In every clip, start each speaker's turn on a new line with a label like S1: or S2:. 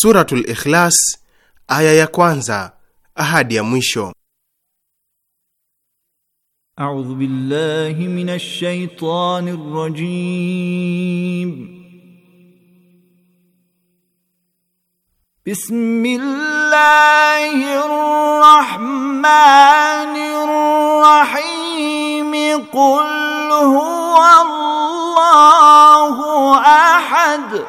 S1: Suratul Ikhlas aya ya kwanza ahadi ya mwisho.
S2: A'udhu billahi minash shaitani rajim. Bismillahir rahmanir rahim. Qul huwa Allahu ahad.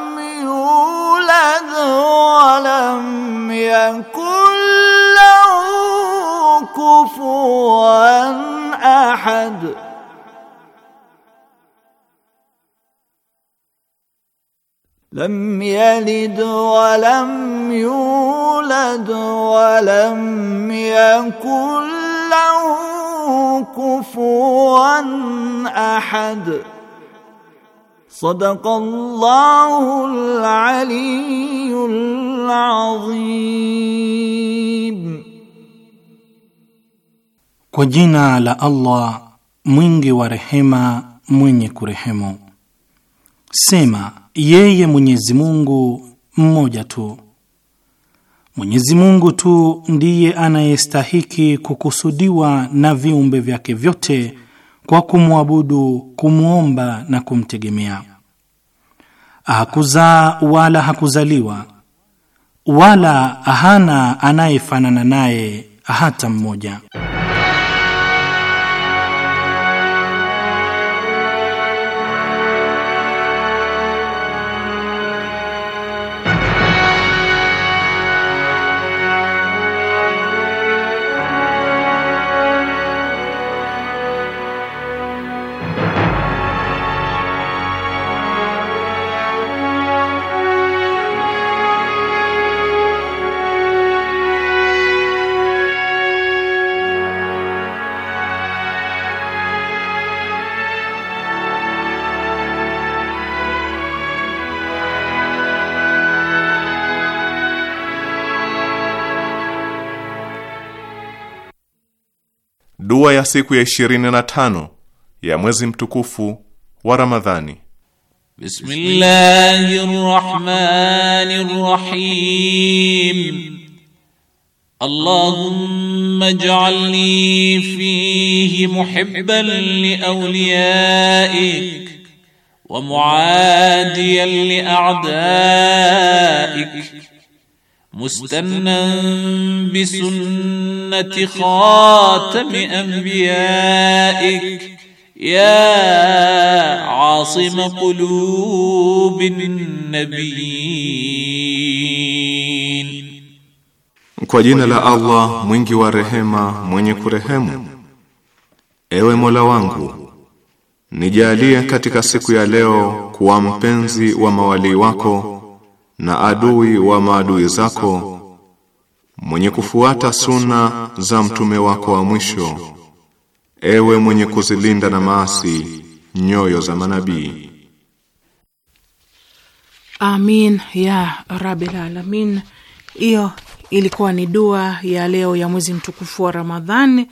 S2: لم يلد ولم يولد ولم يكن له كفوا احد صدق الله العلي العظيم
S3: وجينا على الله مينغي ورحمه مينيك رحمة سيما yeye Mwenyezi Mungu mmoja tu. Mwenyezi Mungu tu ndiye anayestahiki kukusudiwa na viumbe vyake vyote kwa kumwabudu, kumwomba na kumtegemea. Hakuzaa wala hakuzaliwa wala hana anayefanana naye hata mmoja.
S1: Dua ya siku ya 25 ya mwezi mtukufu wa Ramadhani. Bismillahir
S4: Rahmanir Rahim. Allahumma ij'alni fihi muhibban li awliyaik wa muadiyan li a'daik مستنا بسنة خاتم أنبيائك يا عاصم قلوب النبيين
S5: Kwa jina la
S6: Allah mwingi wa rehema
S1: mwenye kurehemu, ewe Mola wangu nijalie katika siku ya leo kuwa mpenzi wa mawalii wako na adui wa maadui zako mwenye kufuata suna za mtume wako wa mwisho ewe mwenye kuzilinda na maasi nyoyo za manabii
S7: Amin ya Rabbil Alamin. Hiyo ilikuwa ni dua ya leo ya mwezi mtukufu wa Ramadhani.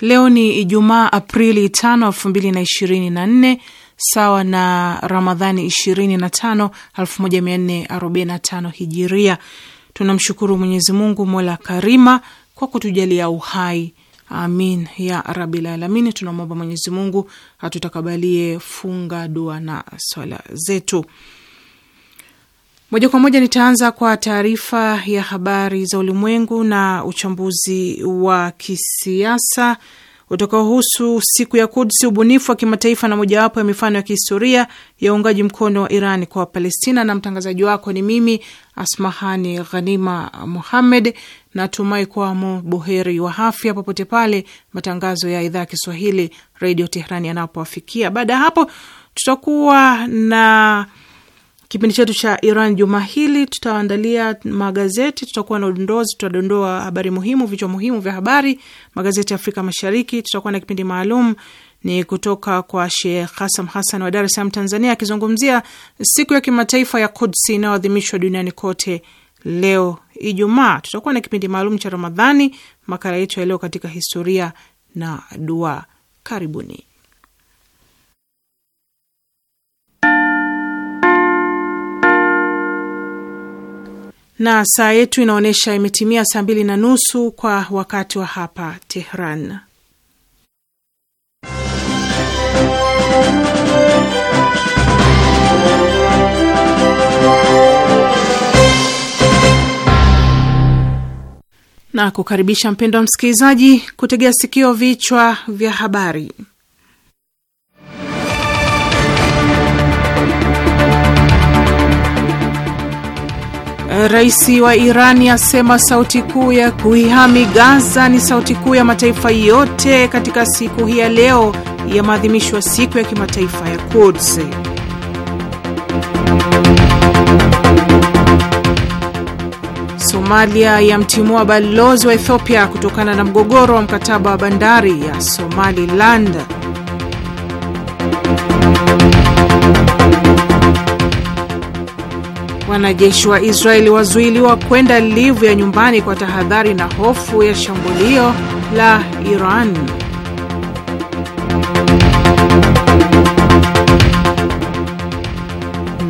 S7: Leo ni Ijumaa, Aprili 5, 2024 sawa na Ramadhani 25 1445 hijiria. Tunamshukuru Mwenyezi Mungu mola karima kwa kutujalia uhai, amin ya rabil alamin. Tunamwomba Mwenyezi Mungu atutakabalie funga, dua na swala zetu. Moja kwa moja nitaanza kwa taarifa ya habari za ulimwengu na uchambuzi wa kisiasa utakaohusu siku ya Kudsi, ubunifu wa kimataifa na mojawapo ya mifano ya kihistoria ya uungaji mkono wa Iran kwa Palestina. Na mtangazaji wako ni mimi Asmahani Ghanima Muhammed. Natumai kuwa buheri wa afya popote pale matangazo ya idhaa ya Kiswahili Redio Tehrani yanapowafikia. Baada ya hapo, tutakuwa na Kipindi chetu cha Iran juma hili tutaandalia magazeti, tutakuwa na udondozi, tutadondoa habari muhimu, vichwa muhimu vya habari magazeti ya Afrika Mashariki. Tutakuwa na kipindi maalum ni kutoka kwa Sheikh hasam hasan wa Dar es Salaam, Tanzania, akizungumzia siku ya kimataifa ya Kudsi inayoadhimishwa duniani kote leo Ijumaa. Tutakuwa na kipindi maalum cha Ramadhani, makala yetu ya leo katika historia na dua. Karibuni. na saa yetu inaonyesha imetimia saa mbili na nusu kwa wakati wa hapa Tehran. Na kukaribisha mpendo wa msikilizaji kutegea sikio vichwa vya habari. Rais wa Irani asema sauti kuu ya kuihami Gaza ni sauti kuu ya mataifa yote katika siku hii ya leo ya maadhimisho ya siku ya kimataifa ya Quds. Somalia yamtimua balozi wa Ethiopia kutokana na mgogoro wa mkataba wa bandari ya Somaliland. Wanajeshi wa Israeli wazuiliwa kwenda livu ya nyumbani kwa tahadhari na hofu ya shambulio la Iran.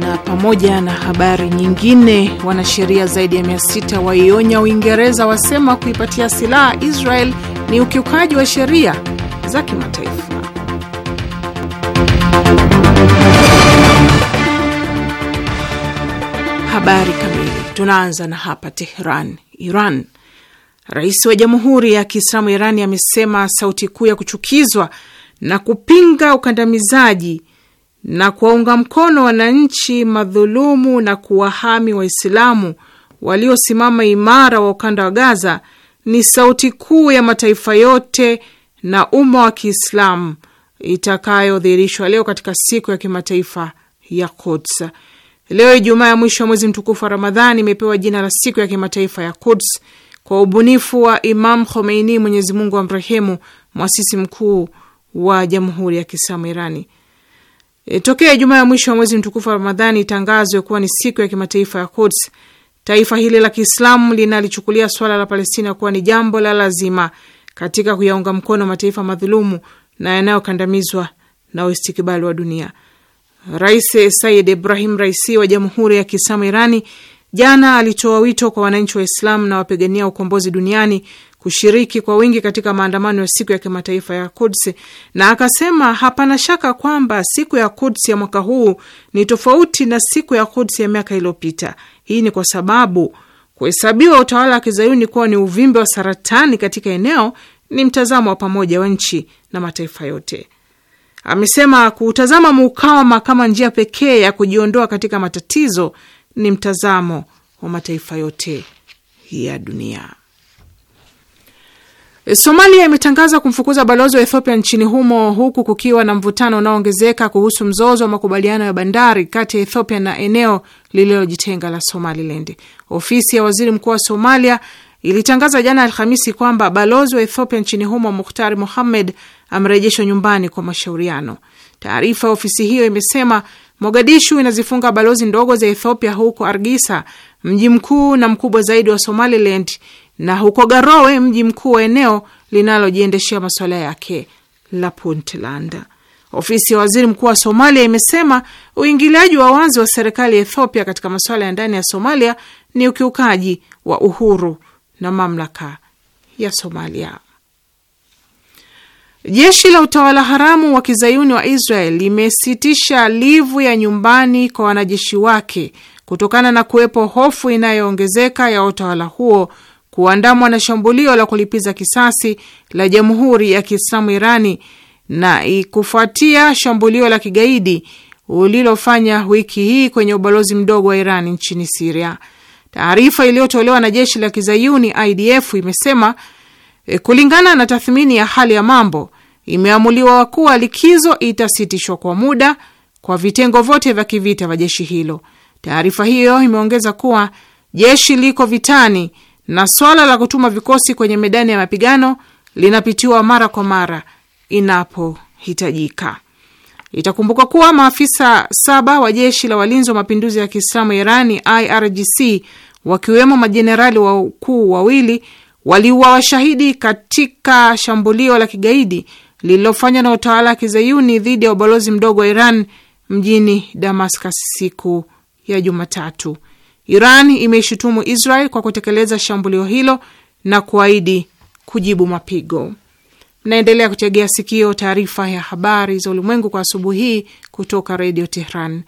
S7: Na pamoja na habari nyingine, wanasheria zaidi ya 600 waionya Uingereza, wasema kuipatia silaha Israel ni ukiukaji wa sheria za kimataifa. Habari kamili. Tunaanza na hapa Tehran, Iran. Rais wa Jamhuri ya Kiislamu Irani amesema sauti kuu ya kuchukizwa na kupinga ukandamizaji na kuwaunga mkono wananchi madhulumu na kuwahami Waislamu waliosimama imara wa ukanda wa Gaza ni sauti kuu ya mataifa yote na umma wa Kiislamu itakayodhihirishwa leo katika siku ya kimataifa ya Quds. Leo Ijumaa ya mwisho wa mwezi mtukufu wa Ramadhani imepewa jina la siku ya kimataifa ya Quds kwa ubunifu wa Imam Khomeini, Mwenyezi Mungu amrehemu, mwasisi mkuu wa Jamhuri ya Kiislamu Irani. E, tokea Ijumaa ya mwisho wa mwezi mtukufu wa Ramadhani itangazwe kuwa ni siku ya kimataifa ya Quds, taifa hili la Kiislamu linalichukulia swala la Palestina kuwa ni jambo la lazima katika kuyaunga mkono mataifa madhulumu na yanayokandamizwa na uistikibali wa dunia. Rais Said Ibrahim Raisi wa Jamhuri ya Kiislamu Irani jana alitoa wito kwa wananchi wa Islamu na wapigania ukombozi duniani kushiriki kwa wingi katika maandamano ya siku ya kimataifa ya Kudsi, na akasema hapana shaka kwamba siku ya Kudsi ya mwaka huu ni tofauti na siku ya kuds ya miaka iliyopita. Hii ni kwa sababu kuhesabiwa utawala wa kizayuni kuwa ni uvimbe wa saratani katika eneo ni mtazamo wa pamoja wa nchi na mataifa yote amesema kutazama mukawama kama njia pekee ya kujiondoa katika matatizo ni mtazamo wa mataifa yote ya dunia. Somalia imetangaza kumfukuza balozi wa Ethiopia nchini humo huku kukiwa na mvutano unaoongezeka kuhusu mzozo wa makubaliano ya bandari kati ya Ethiopia na eneo lililojitenga la Somaliland. Ofisi ya waziri mkuu wa Somalia ilitangaza jana Alhamisi kwamba balozi wa Ethiopia nchini humo Mukhtar muhamed amerejeshwa nyumbani kwa mashauriano. Taarifa ya ofisi hiyo imesema Mogadishu inazifunga balozi ndogo za Ethiopia huko Argisa, mji mkuu na mkubwa zaidi wa Somaliland, na huko Garowe, mji mkuu wa eneo linalojiendeshea masuala yake la Puntland. Ofisi ya waziri mkuu wa Somalia imesema uingiliaji wa wazi wa serikali ya Ethiopia katika masuala ya ndani ya Somalia ni ukiukaji wa uhuru na mamlaka ya Somalia. Jeshi la utawala haramu wa kizayuni wa Israel limesitisha livu ya nyumbani kwa wanajeshi wake kutokana na kuwepo hofu inayoongezeka ya utawala huo kuandamwa na shambulio la kulipiza kisasi la Jamhuri ya Kiislamu Irani na kufuatia shambulio la kigaidi ulilofanya wiki hii kwenye ubalozi mdogo wa Iran nchini Siria. Taarifa iliyotolewa na jeshi la kizayuni IDF imesema Eh, kulingana na tathmini ya hali ya mambo, imeamuliwa kuwa likizo itasitishwa kwa muda kwa vitengo vyote vya kivita vya jeshi hilo. Taarifa hiyo imeongeza kuwa jeshi liko vitani na swala la kutuma vikosi kwenye medani ya mapigano linapitiwa mara kwa mara inapohitajika. Itakumbuka kuwa maafisa saba wa jeshi la walinzi wa mapinduzi ya Kiislamu Irani IRGC, wakiwemo majenerali wakuu wawili waliuwa washahidi katika shambulio la kigaidi lililofanywa na utawala wa kizayuni dhidi ya ubalozi mdogo wa Iran mjini Damascus siku ya Jumatatu. Iran imeishutumu Israel kwa kutekeleza shambulio hilo na kuahidi kujibu mapigo. Mnaendelea kutegea sikio taarifa ya habari za ulimwengu kwa asubuhi hii kutoka redio Tehran.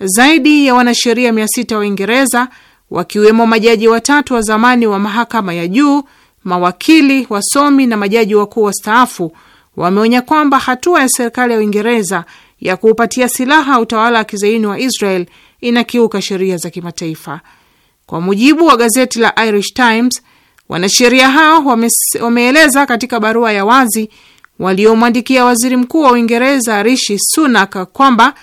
S7: Zaidi ya wanasheria mia sita wa Uingereza wakiwemo majaji watatu wa zamani wa mahakama ya juu, mawakili, wasomi na majaji wakuu wastaafu, wameonya kwamba hatua ya serikali ya Uingereza ya kuupatia silaha utawala wa kizaini wa Israel inakiuka sheria za kimataifa. Kwa mujibu wa gazeti la Irish Times, wanasheria hao wameeleza katika barua ya wazi waliomwandikia waziri mkuu wa Uingereza Rishi Sunak kwamba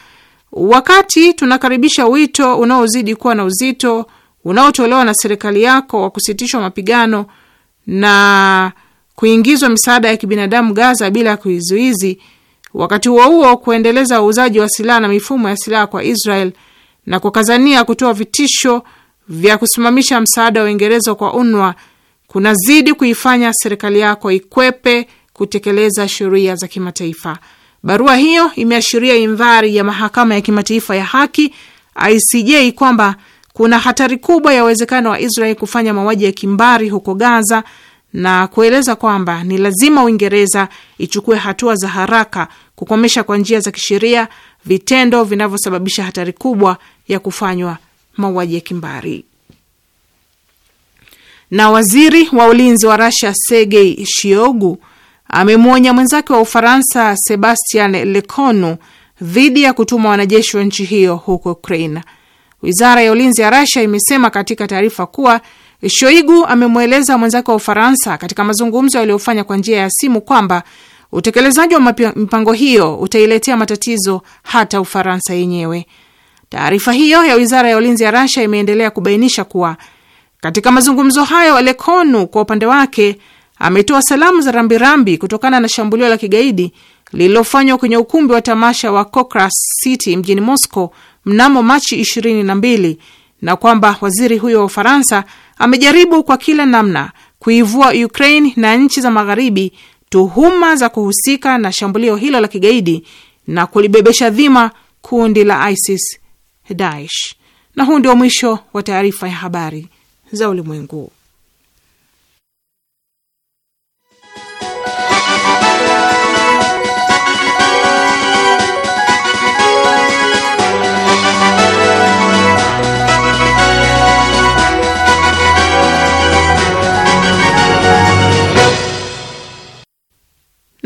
S7: wakati tunakaribisha wito unaozidi kuwa na uzito unaotolewa na serikali yako wa kusitishwa mapigano na kuingizwa misaada ya kibinadamu Gaza bila ya kizuizi, wakati huo huo kuendeleza uuzaji wa silaha na mifumo ya silaha kwa Israel na kukazania kutoa vitisho vya kusimamisha msaada wa Uingereza kwa UNWA kunazidi kuifanya serikali yako ikwepe kutekeleza sheria za kimataifa. Barua hiyo imeashiria imvari ya mahakama ya kimataifa ya haki ICJ kwamba kuna hatari kubwa ya uwezekano wa Israel kufanya mauaji ya kimbari huko Gaza na kueleza kwamba ni lazima Uingereza ichukue hatua za haraka kukomesha kwa njia za kisheria vitendo vinavyosababisha hatari kubwa ya kufanywa mauaji ya kimbari. Na waziri wa ulinzi wa Russia Sergei Shoigu amemwonya mwenzake wa Ufaransa Sebastian Lecornu dhidi ya kutuma wanajeshi wa nchi hiyo huko Ukraina. Wizara ya ulinzi ya Rasia imesema katika taarifa kuwa Shoigu amemweleza mwenzake wa Ufaransa katika mazungumzo yaliyofanya kwa njia ya simu kwamba utekelezaji wa mipango hiyo utailetea matatizo hata Ufaransa yenyewe. Taarifa hiyo ya wizara ya ulinzi ya Rasia imeendelea kubainisha kuwa katika mazungumzo hayo, Lekonu kwa upande wake ametoa salamu za rambirambi kutokana na shambulio la kigaidi lililofanywa kwenye ukumbi wa tamasha wa Kokras City mjini Moscow mnamo Machi 22 na kwamba waziri huyo wa Ufaransa amejaribu kwa kila namna kuivua Ukraine na nchi za magharibi tuhuma za kuhusika na shambulio hilo la kigaidi na kulibebesha dhima kundi la ISIS Daesh. Na huu ndio mwisho wa taarifa ya habari za ulimwengu.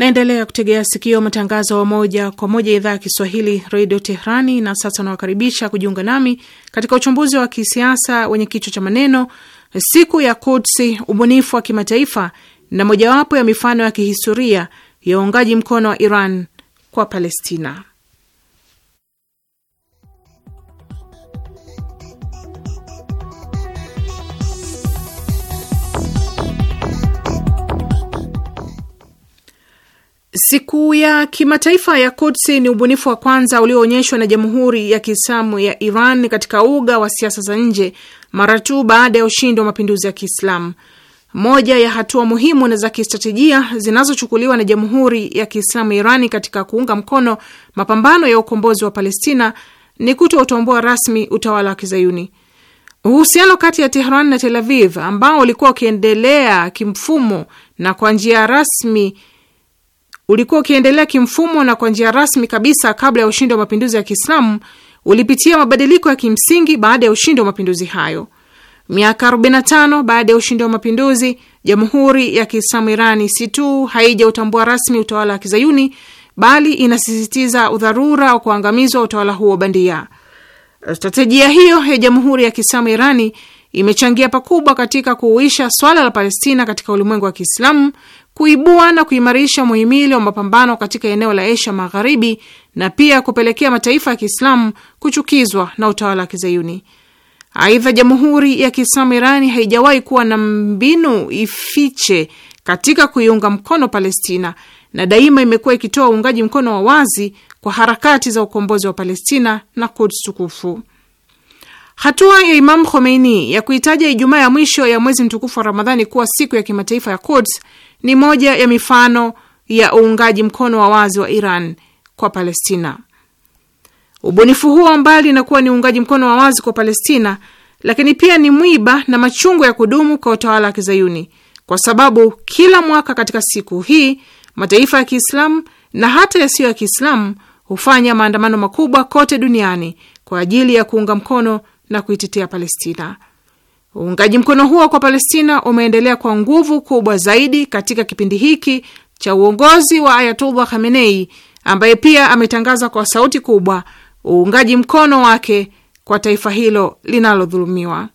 S7: Naendelea kutegea sikio matangazo wa moja kwa moja idhaa ya Kiswahili redio Tehrani. Na sasa nawakaribisha kujiunga nami katika uchambuzi wa kisiasa wenye kichwa cha maneno siku ya kutsi ubunifu wa kimataifa na mojawapo ya mifano ya kihistoria ya uungaji mkono wa Iran kwa Palestina. Siku ya kimataifa ya Kudsi ni ubunifu wa kwanza ulioonyeshwa na Jamhuri ya Kiislamu ya Iran katika uga wa siasa za nje mara tu baada ya ushindi wa mapinduzi ya Kiislamu. Moja ya hatua muhimu na za kistratejia zinazochukuliwa na Jamhuri ya Kiislamu Irani katika kuunga mkono mapambano ya ukombozi wa Palestina ni kutoutambua rasmi utawala wa Kizayuni. Uhusiano kati ya Tehran na Tel Aviv ambao ulikuwa ukiendelea kimfumo na kwa njia rasmi ulikuwa ukiendelea kimfumo na kwa njia rasmi kabisa kabla ya ushindi wa mapinduzi ya Kiislamu ulipitia mabadiliko ya kimsingi baada ya ushindi wa mapinduzi hayo. Miaka 45 baada ya ushindi wa mapinduzi, Jamhuri ya Kiislamu Irani si tu haijautambua rasmi utawala wa Kizayuni, bali inasisitiza udharura wa kuangamizwa utawala huo bandia. Stratejia hiyo ya Jamhuri ya Kiislamu Irani imechangia pakubwa katika kuuisha swala la Palestina katika ulimwengu wa Kiislamu, kuibua na kuimarisha muhimili wa mapambano katika eneo la Asia Magharibi na pia kupelekea mataifa ya Kiislamu kuchukizwa na utawala wa Kizayuni. Aidha, Jamhuri ya Kiislamu Irani haijawahi kuwa na mbinu ifiche katika kuiunga mkono Palestina na daima imekuwa ikitoa uungaji mkono wa wazi kwa harakati za ukombozi wa Palestina na Kuds tukufu. Hatua ya Imam Khomeini ya kuitaja Ijumaa ya mwisho ya mwezi mtukufu wa Ramadhani kuwa siku ya kimataifa ya Quds ni moja ya mifano ya uungaji mkono wa wazi wa Iran kwa Palestina. Ubunifu huo mbali na kuwa ni uungaji mkono wa wazi kwa Palestina, lakini pia ni mwiba na machungu ya kudumu kwa utawala wa Kizayuni, kwa sababu kila mwaka katika siku hii mataifa ya Kiislamu na hata yasiyo ya Kiislamu hufanya maandamano makubwa kote duniani kwa ajili ya kuunga mkono na kuitetea Palestina. Uungaji mkono huo kwa Palestina umeendelea kwa nguvu kubwa zaidi katika kipindi hiki cha uongozi wa Ayatullah Khamenei, ambaye pia ametangaza kwa sauti kubwa uungaji mkono wake kwa taifa hilo linalodhulumiwa.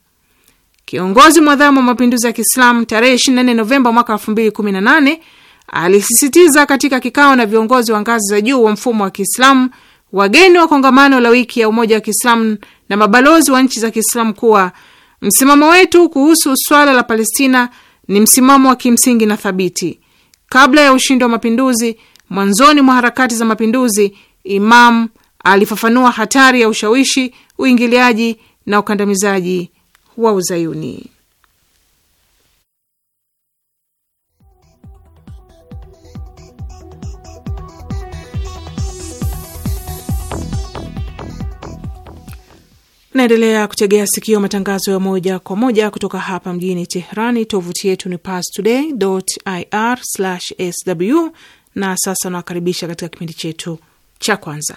S7: Kiongozi mwadhamu wa mapinduzi ya Kiislamu tarehe 24 Novemba mwaka 2018 alisisitiza katika kikao na viongozi wa ngazi za juu wa mfumo wa Kiislamu wageni wa kongamano la wiki ya umoja wa Kiislamu na mabalozi wa nchi za Kiislamu kuwa msimamo wetu kuhusu swala la Palestina ni msimamo wa kimsingi na thabiti. Kabla ya ushindi wa mapinduzi, mwanzoni mwa harakati za mapinduzi, Imam alifafanua hatari ya ushawishi, uingiliaji na ukandamizaji wa Uzayuni. Naendelea kutegea sikio matangazo ya moja kwa moja kutoka hapa mjini Teherani. Tovuti yetu ni pastoday.ir/sw, na sasa nawakaribisha katika kipindi chetu cha kwanza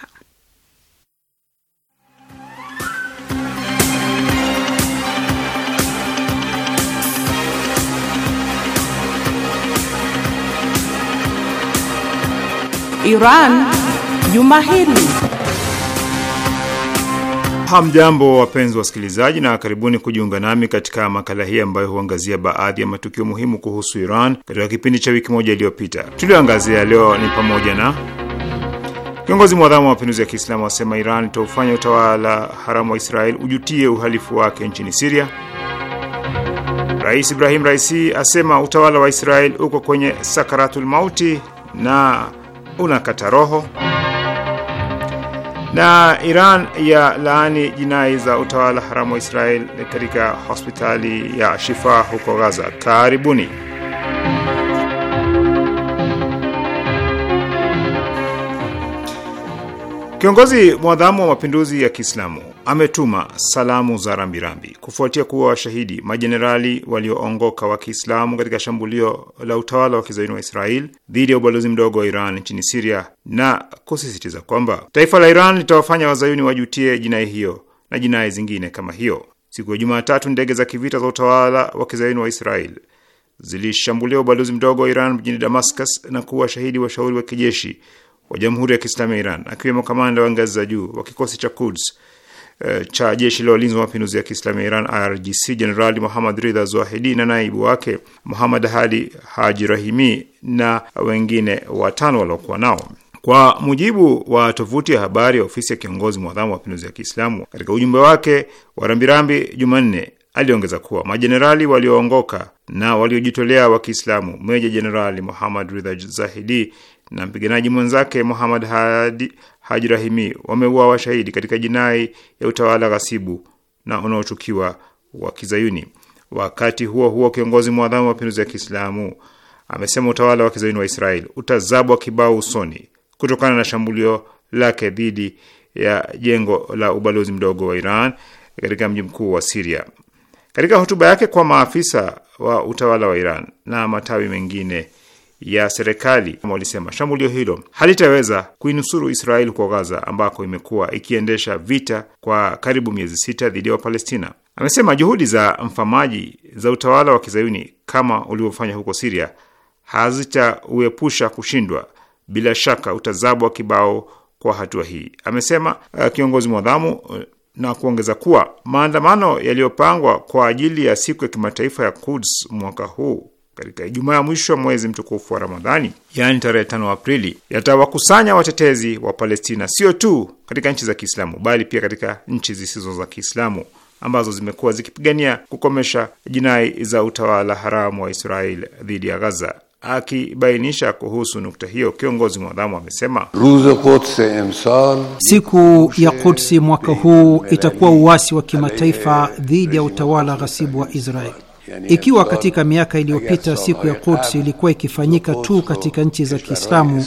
S1: Iran juma hili. Hamjambo, wapenzi wasikilizaji, na karibuni kujiunga nami katika makala hii ambayo huangazia baadhi ya matukio muhimu kuhusu Iran katika kipindi cha wiki moja iliyopita. Tulioangazia leo ni pamoja na kiongozi mwadhamu wa mapinduzi ya Kiislamu asema Iran itaufanya utawala haramu wa Israel ujutie uhalifu wake nchini Siria. Rais Ibrahim Raisi asema utawala wa Israel uko kwenye sakaratul mauti na unakata roho na Iran ya laani jinai za utawala haramu wa Israel katika hospitali ya Shifa huko Gaza. Karibuni. Kiongozi mwadhamu wa mapinduzi ya Kiislamu ametuma salamu za rambirambi kufuatia kuwa washahidi majenerali walioongoka wa Kiislamu katika shambulio la utawala wa kizaini wa Israel dhidi ya ubalozi mdogo wa Iran nchini Siria na kusisitiza kwamba taifa la Iran litawafanya wazayuni wajutie jinai hiyo na jinai zingine kama hiyo. Siku ya Jumatatu, ndege za kivita za utawala wa kizayuni wa Israel zilishambulia ubalozi mdogo wa Iran mjini Damascus na kuwa shahidi washauri wa kijeshi wa Jamhuri ya Kiislamu ya Iran, akiwemo kamanda wa ngazi za juu wa kikosi cha Quds Eh, cha jeshi la walinzi wa mapinduzi ya Kiislamu ya Iran IRGC Jenerali Muhamad Ridha Zahidi na naibu wake Muhamad Hadi Haji Rahimi na wengine watano waliokuwa nao. Kwa mujibu wa tovuti ya habari ya ofisi ya kiongozi mwadhamu wa mapinduzi ya Kiislamu, katika ujumbe wake wa rambirambi Jumanne aliongeza kuwa majenerali walioongoka na waliojitolea wa Kiislamu, meja jenerali Muhamad Ridha Zahidi na mpiganaji mwenzake Muhammad Hadi Hajrahimi wameua washahidi katika jinai ya utawala ghasibu na unaochukiwa wa Kizayuni. Wakati huo huo, kiongozi mwadhamu wa mapinduzi ya Kiislamu amesema utawala wa Kizayuni wa israel utazabwa kibao usoni kutokana na shambulio lake dhidi ya jengo la ubalozi mdogo wa Iran katika mji mkuu wa Siria. Katika hotuba yake kwa maafisa wa utawala wa Iran na matawi mengine ya serikali walisema shambulio hilo halitaweza kuinusuru Israeli kwa Gaza ambako imekuwa ikiendesha vita kwa karibu miezi sita dhidi ya Wapalestina. Amesema juhudi za mfamaji za utawala wa kizayuni kama ulivyofanya huko Siria hazitauepusha kushindwa. Bila shaka utazabwa kibao kwa hatua hii, amesema uh, kiongozi mwadhamu uh, na kuongeza kuwa maandamano yaliyopangwa kwa ajili ya siku ya kimataifa ya Quds mwaka huu katika Ijumaa ya mwisho wa mwezi mtukufu wa Ramadhani, yaani tarehe 5 Aprili, yatawakusanya watetezi wa Palestina sio tu katika nchi za Kiislamu bali pia katika nchi zisizo za Kiislamu ambazo zimekuwa zikipigania kukomesha jinai za utawala haramu wa Israel dhidi ya Gaza. Akibainisha kuhusu nukta hiyo, kiongozi mwadhamu amesema
S3: siku ya Kudsi mwaka huu itakuwa uasi wa kimataifa dhidi ya utawala ghasibu wa Israeli. Ikiwa katika miaka iliyopita siku ya Quds ilikuwa ikifanyika tu katika nchi za Kiislamu,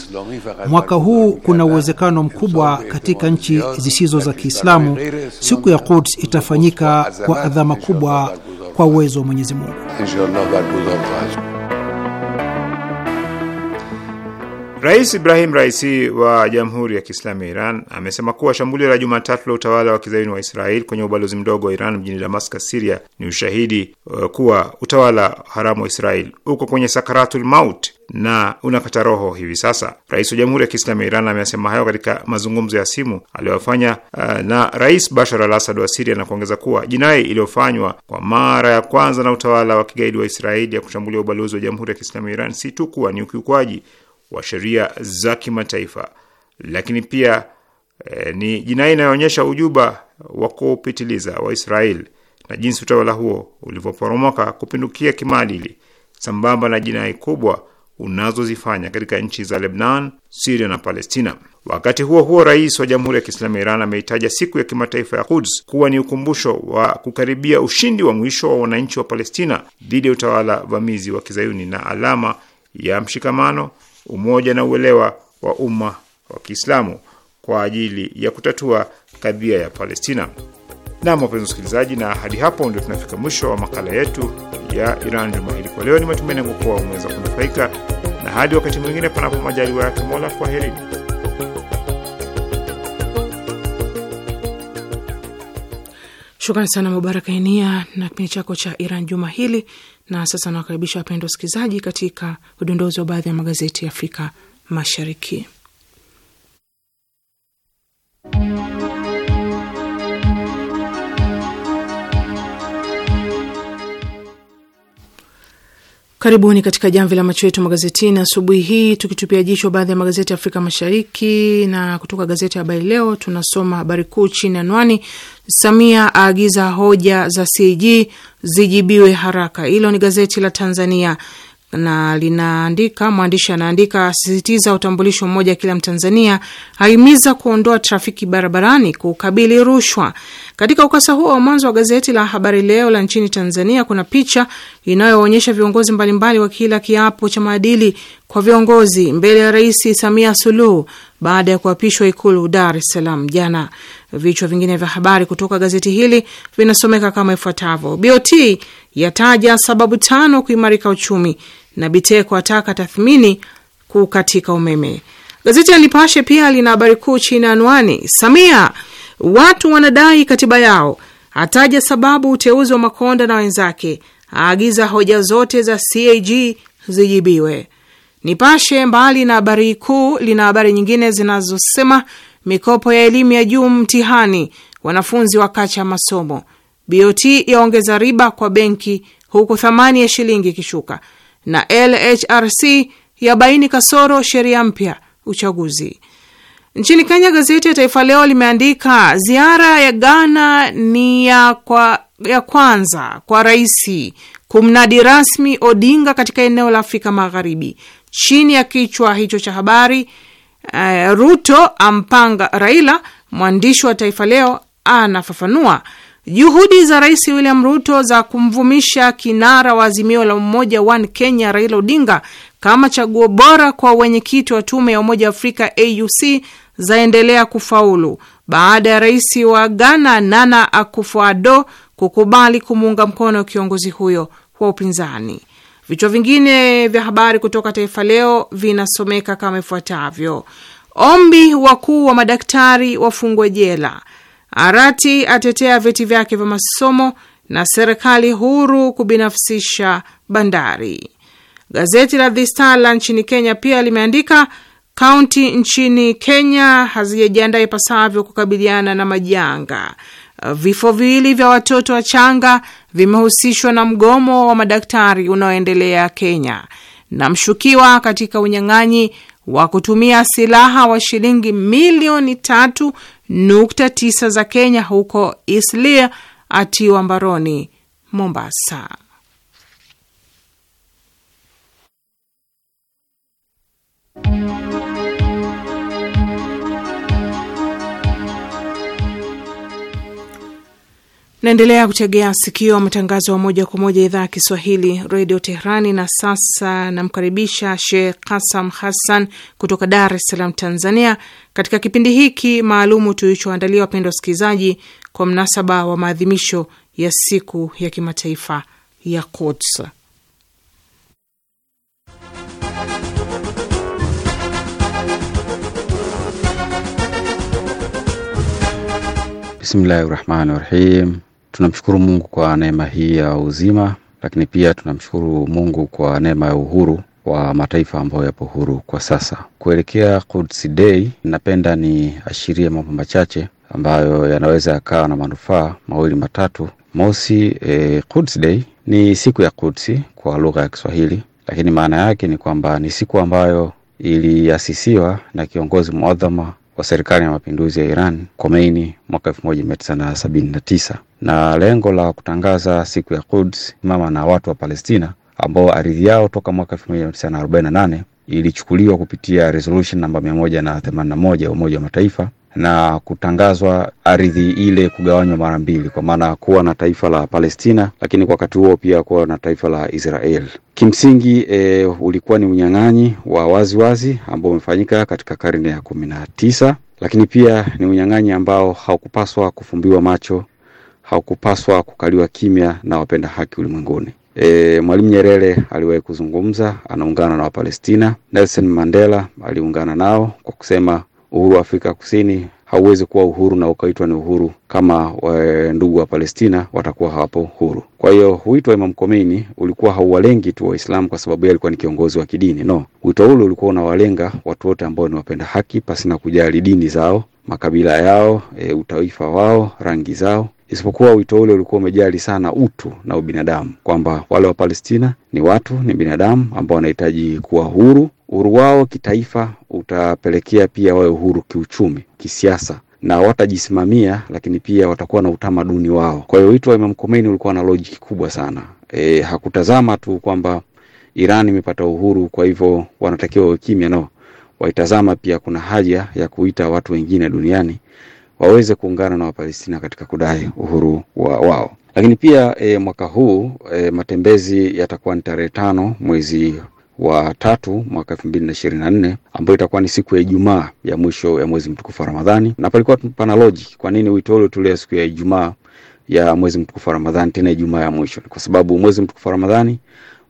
S3: mwaka huu kuna uwezekano mkubwa katika nchi zisizo za Kiislamu siku ya Quds itafanyika kwa adhama kubwa kwa uwezo wa Mwenyezi Mungu.
S1: Rais Ibrahim Raisi wa Jamhuri ya Kiislamu ya Iran amesema kuwa shambulio la Jumatatu la utawala wa kizayuni wa Israel kwenye ubalozi mdogo wa Iran mjini Damascus, Siria ni ushahidi uh, kuwa utawala haramu wa Israel uko kwenye sakaratul maut na unakata roho hivi sasa. Rais wa Jamhuri ya Kiislamu ya Iran amesema hayo katika mazungumzo ya simu aliyofanya uh, na Rais Bashar al Asad wa Siria na kuongeza kuwa jinai iliyofanywa kwa mara ya kwanza na utawala wa kigaidi wa Israeli ya kushambulia ubalozi wa Jamhuri ya Kiislamu ya Iran si tu kuwa ni ukiukwaji wa sheria za kimataifa, lakini pia e, ni jinai inayoonyesha ujuba wa kupitiliza wa Israel na jinsi utawala huo ulivyoporomoka kupindukia kimaadili, sambamba na jinai kubwa unazozifanya katika nchi za Lebanon, Syria na Palestina. Wakati huo huo, rais wa Jamhuri ya Kiislamu ya Iran ameitaja siku ya kimataifa ya Quds kuwa ni ukumbusho wa kukaribia ushindi wa mwisho wa wananchi wa Palestina dhidi ya utawala vamizi wa Kizayuni na alama ya mshikamano umoja na uelewa wa umma wa Kiislamu kwa ajili ya kutatua kadhia ya Palestina. Nam, wapenzi wasikilizaji, na hadi hapo ndio tunafika mwisho wa makala yetu ya Iran juma hili kwa leo. Ni matumaini yangu kuwa umeweza kunufaika, na hadi wakati mwingine, panapo majaliwa yake Mola, kwa heri.
S7: Shukrani sana Mubaraka Enia na kipindi chako cha Iran juma hili. Na sasa nawakaribisha wapendwa wasikilizaji katika udondozi wa baadhi ya magazeti ya Afrika Mashariki. Karibuni katika jamvi la macho yetu magazetini asubuhi hii, tukitupia jicho baadhi ya magazeti ya Afrika Mashariki. Na kutoka gazeti ya Habari Leo tunasoma habari kuu chini ya anwani Samia aagiza hoja za CAG zijibiwe haraka. Hilo ni gazeti la Tanzania na linaandika, mwandishi anaandika, asisitiza utambulisho mmoja kila Mtanzania, ahimiza kuondoa trafiki barabarani, kukabili rushwa, katika ukasa huo wa mwanzo wa gazeti la Habari Leo la nchini Tanzania kuna picha inayoonyesha viongozi mbalimbali wakila kiapo cha maadili kwa viongozi mbele ya Rais Samia Suluhu baada ya kuapishwa Ikulu Dar es Salaam jana. Vichwa vingine vya habari kutoka gazeti hili vinasomeka kama ifuatavyo: BOT yataja sababu tano kuimarika uchumi, na Biteko ataka tathmini kukatika umeme. Gazeti la Nipashe pia lina habari kuu chini ya anwani Samia Watu wanadai katiba yao. Ataja sababu uteuzi wa Makonda na wenzake, aagiza hoja zote za CAG zijibiwe. Nipashe mbali na habari kuu lina habari nyingine zinazosema mikopo ya elimu ya juu mtihani, wanafunzi wakacha masomo. BOT yaongeza riba kwa benki huku thamani ya shilingi ikishuka, na LHRC yabaini kasoro sheria mpya uchaguzi. Nchini Kenya, gazeti ya Taifa Leo limeandika ziara ya Ghana ni ya, kwa, ya kwanza kwa raisi kumnadi rasmi Odinga katika eneo la Afrika Magharibi. Chini ya kichwa hicho cha habari uh, Ruto ampanga Raila, mwandishi wa Taifa Leo anafafanua juhudi za Rais William Ruto za kumvumisha kinara wa Azimio la Umoja One Kenya Raila Odinga kama chaguo bora kwa wenyekiti wa tume ya Umoja wa Afrika AUC zaendelea kufaulu baada ya rais wa Ghana Nana Akufo-Addo kukubali kumuunga mkono kiongozi huyo wa upinzani. Vichwa vingine vya habari kutoka Taifa Leo vinasomeka kama ifuatavyo: ombi wakuu wa madaktari wafungwe jela, Arati atetea vyeti vyake vya masomo, na serikali huru kubinafsisha bandari. Gazeti la The Star la nchini Kenya pia limeandika kaunti nchini Kenya hazijajiandaa ipasavyo kukabiliana na majanga. Vifo viwili vya watoto wachanga vimehusishwa na mgomo wa madaktari unaoendelea Kenya, na mshukiwa katika unyang'anyi wa kutumia silaha wa shilingi milioni tatu nukta tisa za Kenya huko Islia atiwa mbaroni Mombasa. Naendelea kutegea sikio matangazo ya moja kwa moja idhaa ya Kiswahili redio Teherani. Na sasa namkaribisha Sheikh Kasam Hassan kutoka Dar es Salaam, Tanzania, katika kipindi hiki maalumu tulichoandalia wapendwa wasikilizaji, kwa mnasaba wa maadhimisho ya siku ya kimataifa ya Quds.
S8: Bismillahi rahmani rahim. Tunamshukuru Mungu kwa neema hii ya uzima, lakini pia tunamshukuru Mungu kwa neema ya uhuru wa mataifa ambayo yapo huru kwa sasa. Kuelekea Quds Day, napenda ni ashirie mambo machache ambayo yanaweza yakawa na manufaa mawili matatu. Mosi, eh, Quds Day ni siku ya Quds kwa lugha ya Kiswahili, lakini maana yake ni kwamba ni siku ambayo iliasisiwa na kiongozi mwadhama wa serikali ya mapinduzi ya Iran Khomeini mwaka 1979 na lengo la kutangaza siku ya Quds mama na watu wa Palestina ambao ardhi yao toka mwaka 1948 ilichukuliwa kupitia resolution namba 181 ya Umoja wa Mataifa na kutangazwa ardhi ile kugawanywa mara mbili, kwa maana kuwa na taifa la Palestina, lakini kwa wakati huo pia kuwa na taifa la Israel. Kimsingi e, ulikuwa ni unyang'anyi wa waziwazi ambao umefanyika katika karne ya kumi na tisa, lakini pia ni unyang'anyi ambao haukupaswa kufumbiwa macho, haukupaswa kukaliwa kimya na wapenda haki ulimwenguni. E, Mwalimu Nyerere aliwahi kuzungumza, anaungana na Wapalestina. Nelson Mandela aliungana nao kwa kusema uhuru wa Afrika Kusini hauwezi kuwa uhuru na ukaitwa ni uhuru kama we, eh, ndugu wa Palestina watakuwa hawapo huru. Kwa hiyo huitwa wa Imam Khomeini ulikuwa hauwalengi tu Waislamu kwa sababu yeye alikuwa ni kiongozi wa kidini no. Wito ule ulikuwa unawalenga watu wote ambao ni wapenda haki pasina kujali dini zao, makabila yao, e, utaifa wao, rangi zao isipokuwa wito ule ulikuwa umejali sana utu na ubinadamu, kwamba wale wa Palestina ni watu, ni binadamu ambao wanahitaji kuwa huru, uhuru wao kitaifa utapelekea pia wawe uhuru kiuchumi, kisiasa na watajisimamia, lakini pia watakuwa na utamaduni wao. Kwa hiyo wito wa Imam Khomeini ulikuwa na lojiki kubwa sana. E, hakutazama tu kwamba Iran imepata uhuru, kwa hivyo wanatakiwa wawe kimya, no, waitazama pia kuna haja ya kuita watu wengine duniani waweze kuungana na Wapalestina katika kudai uhuru wa wao. Lakini pia e, mwaka huu e, matembezi yatakuwa ni tarehe tano mwezi wa tatu mwaka elfu mbili na ishirini na nne ambayo itakuwa ni siku ya Ijumaa ya mwisho ya mwezi mtukufu wa Ramadhani, na palikuwa pana loji, kwa nini wito ule tulia siku ya Ijumaa ya mwezi mtukufu wa Ramadhani, tena Ijumaa ya mwisho? Kwa sababu mwezi mtukufu wa Ramadhani,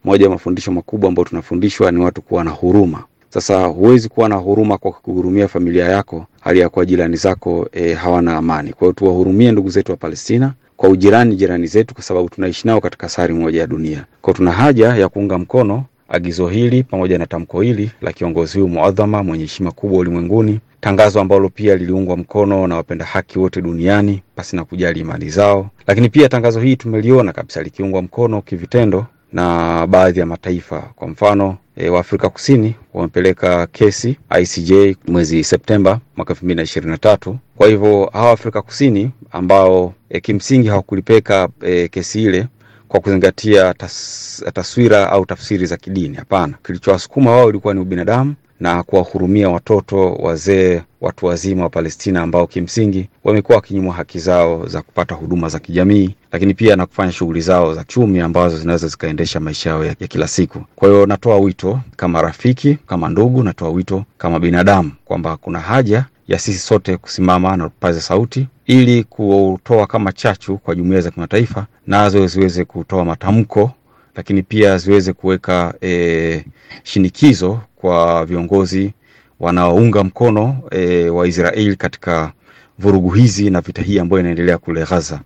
S8: moja ya mafundisho makubwa ambayo tunafundishwa ni watu kuwa na huruma. Sasa huwezi kuwa na huruma kwa kuhurumia familia yako hali ya kuwa jirani zako e, hawana amani. Kwa hiyo tuwahurumie ndugu zetu wa Palestina kwa ujirani jirani zetu, kwa sababu tunaishi nao katika sari moja ya dunia. Kwa tuna haja ya kuunga mkono Agizo hili pamoja na tamko hili la kiongozi huyu muadhama mwenye heshima kubwa ulimwenguni, tangazo ambalo pia liliungwa mkono na wapenda haki wote duniani pasi na kujali imani zao, lakini pia tangazo hili tumeliona kabisa likiungwa mkono kivitendo na baadhi ya mataifa. Kwa mfano e, wa Afrika Kusini wamepeleka kesi ICJ mwezi Septemba mwaka 2023. Kwa hivyo hawa Afrika Kusini ambao e, kimsingi hawakulipeka e, kesi ile kwa kuzingatia tas, taswira au tafsiri za kidini. Hapana, kilichowasukuma wao ilikuwa ni ubinadamu na kuwahurumia watoto, wazee, watu wazima wa Palestina ambao kimsingi wamekuwa wakinyimwa haki zao za kupata huduma za kijamii, lakini pia na kufanya shughuli zao za chumi ambazo zinaweza zikaendesha maisha yao ya, ya kila siku. Kwa hiyo natoa wito kama rafiki, kama ndugu, natoa wito kama binadamu kwamba kuna haja ya sisi sote kusimama na kupaza sauti ili kutoa kama chachu kwa jumuiya za kimataifa, nazo ziweze kutoa matamko, lakini pia ziweze kuweka e, shinikizo kwa viongozi wanaounga mkono e, wa Israeli katika vurugu hizi na vita hii ambayo inaendelea kule Gaza,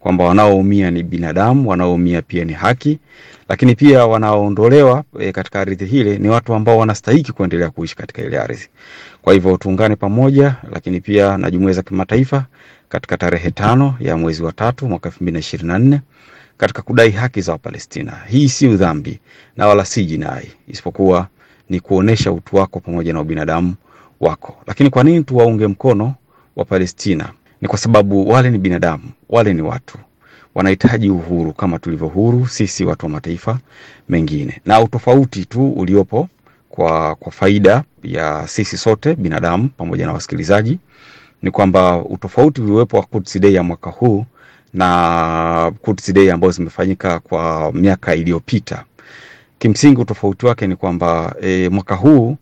S8: kwamba wanaoumia ni binadamu, wanaoumia pia ni haki, lakini pia wanaoondolewa e, katika ardhi hile ni watu ambao wanastahiki kuendelea kuishi katika ile ardhi. Kwa hivyo tuungane pamoja, lakini pia na jumuiya za kimataifa katika tarehe tano ya mwezi wa tatu mwaka elfu mbili na ishirini na nne katika kudai haki za Wapalestina. Hii si udhambi na wala si jinai, isipokuwa ni kuonesha utu wako pamoja na ubinadamu wako. Lakini kwa nini tuwaunge mkono wa Palestina? Ni kwa sababu wale ni binadamu, wale ni watu wanahitaji uhuru kama tulivyo huru sisi watu wa mataifa mengine, na utofauti tu uliopo kwa, kwa faida ya sisi sote binadamu pamoja na wasikilizaji ni kwamba utofauti uliwepo wa Quds Day ya mwaka huu na Quds Day ambazo zimefanyika kwa miaka iliyopita, kimsingi utofauti wake ni kwamba e, mwaka huu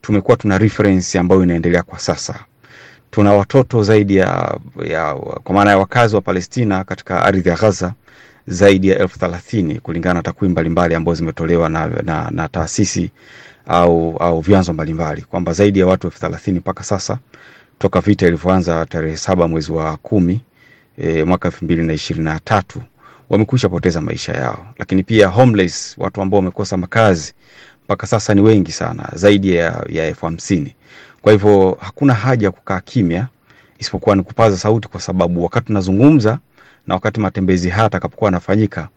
S8: tumekuwa tuna reference ambayo inaendelea kwa sasa. Tuna watoto zaidi ya, ya kwa maana ya wakazi wa Palestina katika ardhi ya Gaza zaidi ya elfu thelathini kulingana na takwimu mbalimbali ambazo zimetolewa na, na, na taasisi au, au vyanzo mbalimbali kwamba zaidi ya watu elfu thelathini mpaka sasa toka vita ilivyoanza tarehe saba mwezi wa kumi e, mwaka elfu mbili na ishirini na tatu wamekwisha poteza maisha yao, lakini pia homeless, watu ambao wamekosa makazi mpaka sasa ni wengi sana, zaidi ya, ya elfu hamsini. Kwa hivyo hakuna haja ya kukaa kimya, isipokuwa ni kupaza sauti, kwa sababu wakati tunazungumza na wakati matembezi haya atakapokuwa anafanyika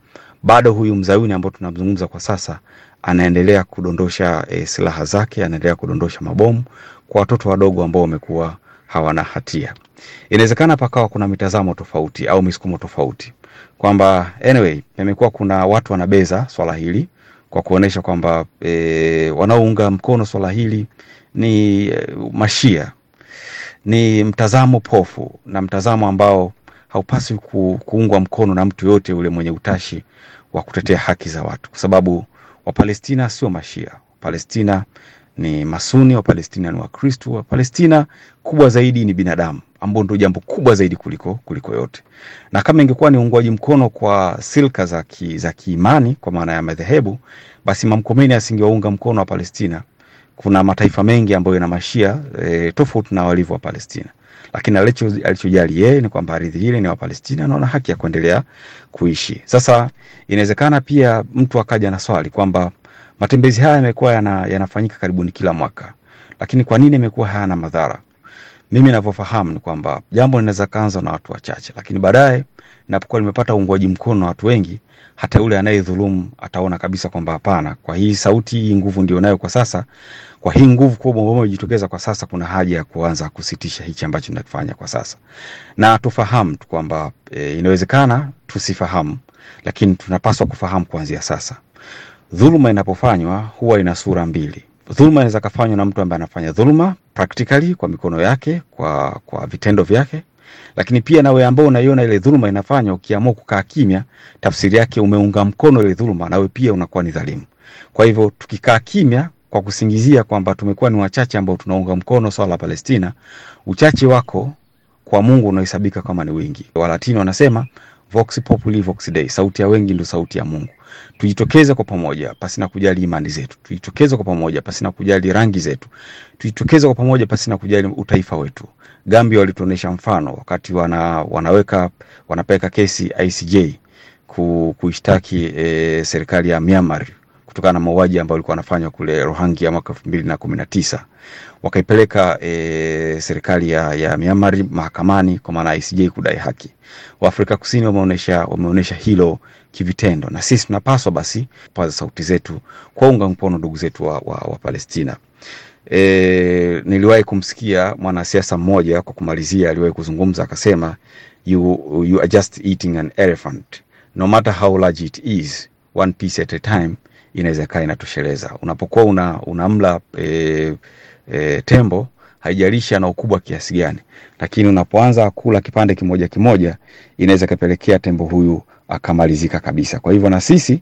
S8: bado huyu mzayuni ambao tunamzungumza kwa sasa anaendelea kudondosha e, silaha zake, anaendelea kudondosha mabomu kwa watoto wadogo ambao wamekuwa hawana hatia. Inawezekana pakawa kuna mitazamo tofauti au misukumo tofauti kwamba anyway, pamekuwa kuna watu wanabeza swala hili kwa kuonyesha kwamba e, wanaounga mkono swala hili ni e, mashia. Ni mtazamo pofu na mtazamo ambao haupaswi ku, kuungwa mkono na mtu yote ule mwenye utashi wa kutetea haki za watu, kwa sababu Wapalestina sio Mashia. Wapalestina ni Masuni, Wapalestina ni Wakristu. Wapalestina kubwa zaidi ni binadamu, ambao ndio jambo kubwa zaidi kuliko kuliko yote. Na kama ingekuwa ni uungwaji mkono kwa silka za ki, za kiimani kwa maana ya madhehebu, basi mamkomeni asingewaunga mkono wa Palestina. Kuna mataifa mengi ambayo yana mashia e, tofauti na walivyo wa Palestina lakini alichojali yeye ni kwamba ardhi ile ni Wapalestina na wana haki ya kuendelea kuishi. Sasa inawezekana pia mtu akaja na swali kwamba matembezi haya yamekuwa yana, yanafanyika karibuni kila mwaka, lakini kwa nini yamekuwa hayana madhara? Mimi navyofahamu ni kwamba jambo linaweza kaanza na watu wachache, lakini baadaye napokuwa limepata uungwaji mkono na watu wengi, hata yule anayedhulumu ataona kabisa kwamba hapana, kwa hii sauti, hii nguvu ndio nayo kwa sasa, kwa hii nguvu kubwa ambayo imejitokeza kwa sasa, kuna haja ya kuanza kusitisha hichi ambacho nakifanya kwa sasa. Na tufahamu kwamba e, inawezekana tusifahamu, lakini tunapaswa kufahamu kuanzia sasa. Dhuluma inapofanywa huwa ina sura mbili. Dhuluma inaweza kafanywa na mtu ambaye anafanya dhuluma practically kwa mikono yake, kwa, kwa vitendo vyake lakini pia na wewe ambao unaiona ile dhuluma inafanywa, ukiamua kukaa kimya, tafsiri yake umeunga mkono ile dhuluma, nawe pia unakuwa ni dhalimu. Kwa hivyo tukikaa kimya kwa kusingizia kwamba tumekuwa ni wachache ambao tunaunga mkono swala la Palestina, uchache wako kwa Mungu unahesabika kama ni wingi. Walatini wanasema vox populi vox dei, sauti ya wengi ndio sauti ya Mungu. Tujitokeze kwa pamoja pasi na kujali imani zetu, tujitokeze kwa pamoja pasi na kujali rangi zetu, tujitokeze kwa pamoja pasi na kujali utaifa wetu. Gambia walituonyesha mfano wakati wana, wanaweka wanapeleka kesi ICJ ku, kuishtaki e, serikali ya Myanmar kutokana na mauaji ambayo alikuwa anafanywa kule Rohingya mwaka elfu mbili na kumi na tisa wakaipeleka e, serikali ya, ya Myanmar mahakamani kwa maana ICJ kudai haki. Waafrika Kusini wameonyesha wameonyesha hilo kivitendo, na sisi tunapaswa basi kupaza sauti zetu kuwaunga mkono ndugu zetu wa, wa, wa Palestina. E, niliwahi kumsikia mwanasiasa mmoja kwa kumalizia, aliwahi kuzungumza akasema, you, you are just eating an elephant no matter how large it is one piece at a time, inaweza kaa inatosheleza. Unapokuwa una unamla e, e, tembo haijalishi ana ukubwa kiasi gani, lakini unapoanza kula kipande kimoja kimoja, inaweza kapelekea tembo huyu akamalizika kabisa. Kwa hivyo na sisi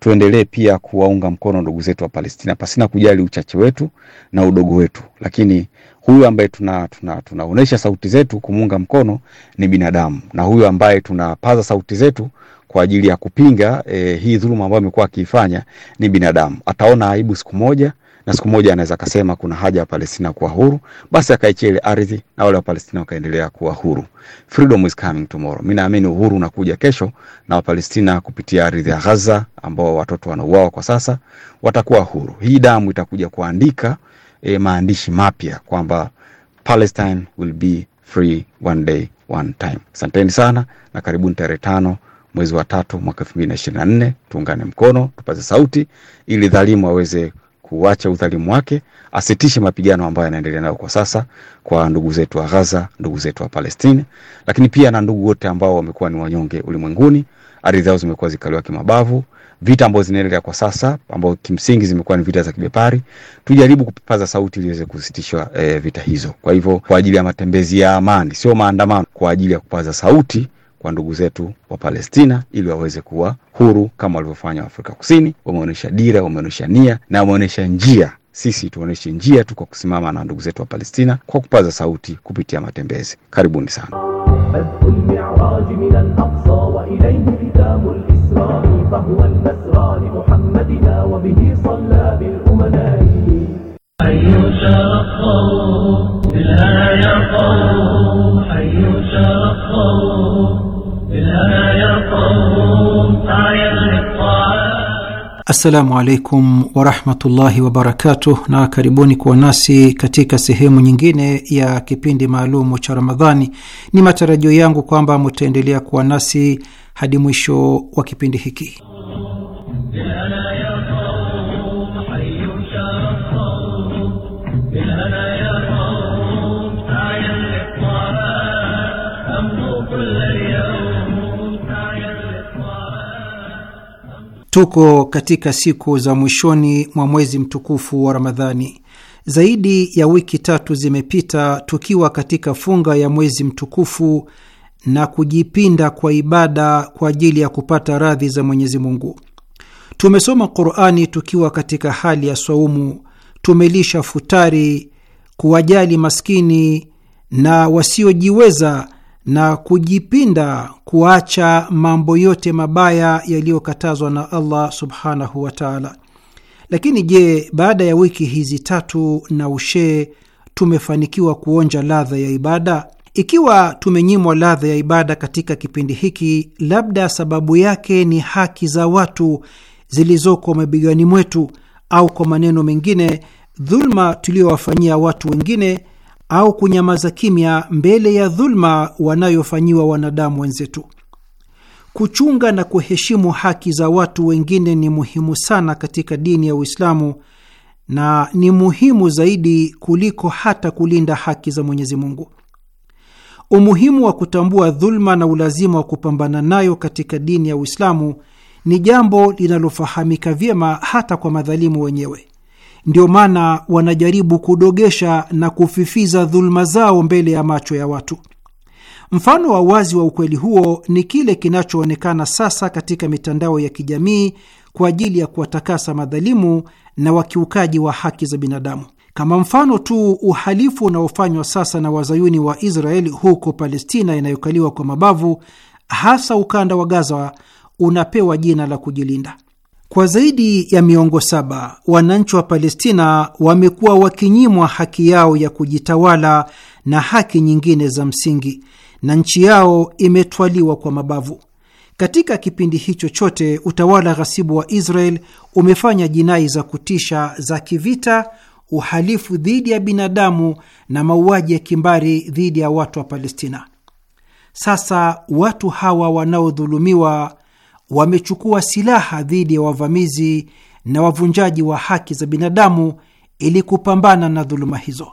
S8: tuendelee pia kuwaunga mkono ndugu zetu wa Palestina pasina kujali uchache wetu na udogo wetu, lakini huyu ambaye tunaonesha tuna, tuna sauti zetu kumuunga mkono ni binadamu, na huyu ambaye tunapaza sauti zetu kwa ajili ya kupinga eh, hii dhuluma ambayo amekuwa akiifanya ni binadamu. Ataona aibu siku moja na siku moja anaweza akasema kuna haja ya Palestina kuwa huru, basi akaichia ile ardhi na wale wa Palestina wakaendelea kuwa huru. Freedom is coming tomorrow. Mimi naamini uhuru unakuja kesho, na Wapalestina kupitia ardhi ya Gaza ambao watoto wanauawa kwa sasa watakuwa huru. Hii damu itakuja kuandika e, maandishi mapya kwamba Palestine will be free one day one time. Asanteni sana na karibuni tarehe tano mwezi wa tatu mwaka 2024. Tuungane mkono, tupaze sauti ili dhalimu aweze kuacha udhalimu wake, asitishe mapigano ambayo yanaendelea nayo kwa sasa kwa ndugu zetu wa Gaza, ndugu zetu wa Palestina, lakini pia na ndugu wote ambao wamekuwa ni wanyonge ulimwenguni, ardhi zao zimekuwa zikaliwa kimabavu, vita ambazo zinaendelea kwa sasa, ambao kimsingi zimekuwa ni vita za kibepari. Tujaribu kupaza sauti ili iweze kusitishwa e, vita hizo. Kwa hivyo, kwa ajili ya matembezi ya amani, sio maandamano, kwa ajili ya kupaza sauti kwa ndugu zetu wa Palestina ili waweze kuwa huru kama walivyofanya Afrika Kusini. Wameonyesha dira, wameonyesha nia na wameonyesha njia. Sisi tuonyeshe njia tu kwa kusimama na ndugu zetu wa Palestina kwa kupaza sauti kupitia matembezi. Karibuni sana.
S3: Assalamu alaikum warahmatullahi wabarakatuh, na karibuni kuwa nasi katika sehemu nyingine ya kipindi maalumu cha Ramadhani. Ni matarajio yangu kwamba mutaendelea kuwa nasi hadi mwisho wa kipindi hiki. Tuko katika siku za mwishoni mwa mwezi mtukufu wa Ramadhani. Zaidi ya wiki tatu zimepita tukiwa katika funga ya mwezi mtukufu na kujipinda kwa ibada kwa ajili ya kupata radhi za Mwenyezi Mungu. Tumesoma Qur'ani tukiwa katika hali ya saumu, tumelisha futari, kuwajali maskini na wasiojiweza na kujipinda kuacha mambo yote mabaya yaliyokatazwa na Allah subhanahu wa taala. Lakini je, baada ya wiki hizi tatu na ushee tumefanikiwa kuonja ladha ya ibada? Ikiwa tumenyimwa ladha ya ibada katika kipindi hiki, labda sababu yake ni haki za watu zilizoko mabegani mwetu, au kwa maneno mengine, dhuluma tuliyowafanyia watu wengine au kunyamaza kimya mbele ya dhulma wanayofanyiwa wanadamu wenzetu. Kuchunga na kuheshimu haki za watu wengine ni muhimu sana katika dini ya Uislamu na ni muhimu zaidi kuliko hata kulinda haki za Mwenyezi Mungu. Umuhimu wa kutambua dhuluma na ulazima wa kupambana nayo katika dini ya Uislamu ni jambo linalofahamika vyema hata kwa madhalimu wenyewe ndio maana wanajaribu kudogesha na kufifiza dhuluma zao mbele ya macho ya watu. Mfano wa wazi wa ukweli huo ni kile kinachoonekana sasa katika mitandao ya kijamii kwa ajili ya kuwatakasa madhalimu na wakiukaji wa haki za binadamu. Kama mfano tu, uhalifu unaofanywa sasa na wazayuni wa Israeli huko Palestina inayokaliwa kwa mabavu, hasa ukanda wa Gaza, unapewa jina la kujilinda. Kwa zaidi ya miongo saba wananchi wa Palestina wamekuwa wakinyimwa haki yao ya kujitawala na haki nyingine za msingi, na nchi yao imetwaliwa kwa mabavu. Katika kipindi hicho chote, utawala ghasibu wa Israel umefanya jinai za kutisha za kivita, uhalifu dhidi ya binadamu na mauaji ya kimbari dhidi ya watu wa Palestina. Sasa watu hawa wanaodhulumiwa wamechukua silaha dhidi ya wavamizi na wavunjaji wa haki za binadamu ili kupambana na dhuluma hizo.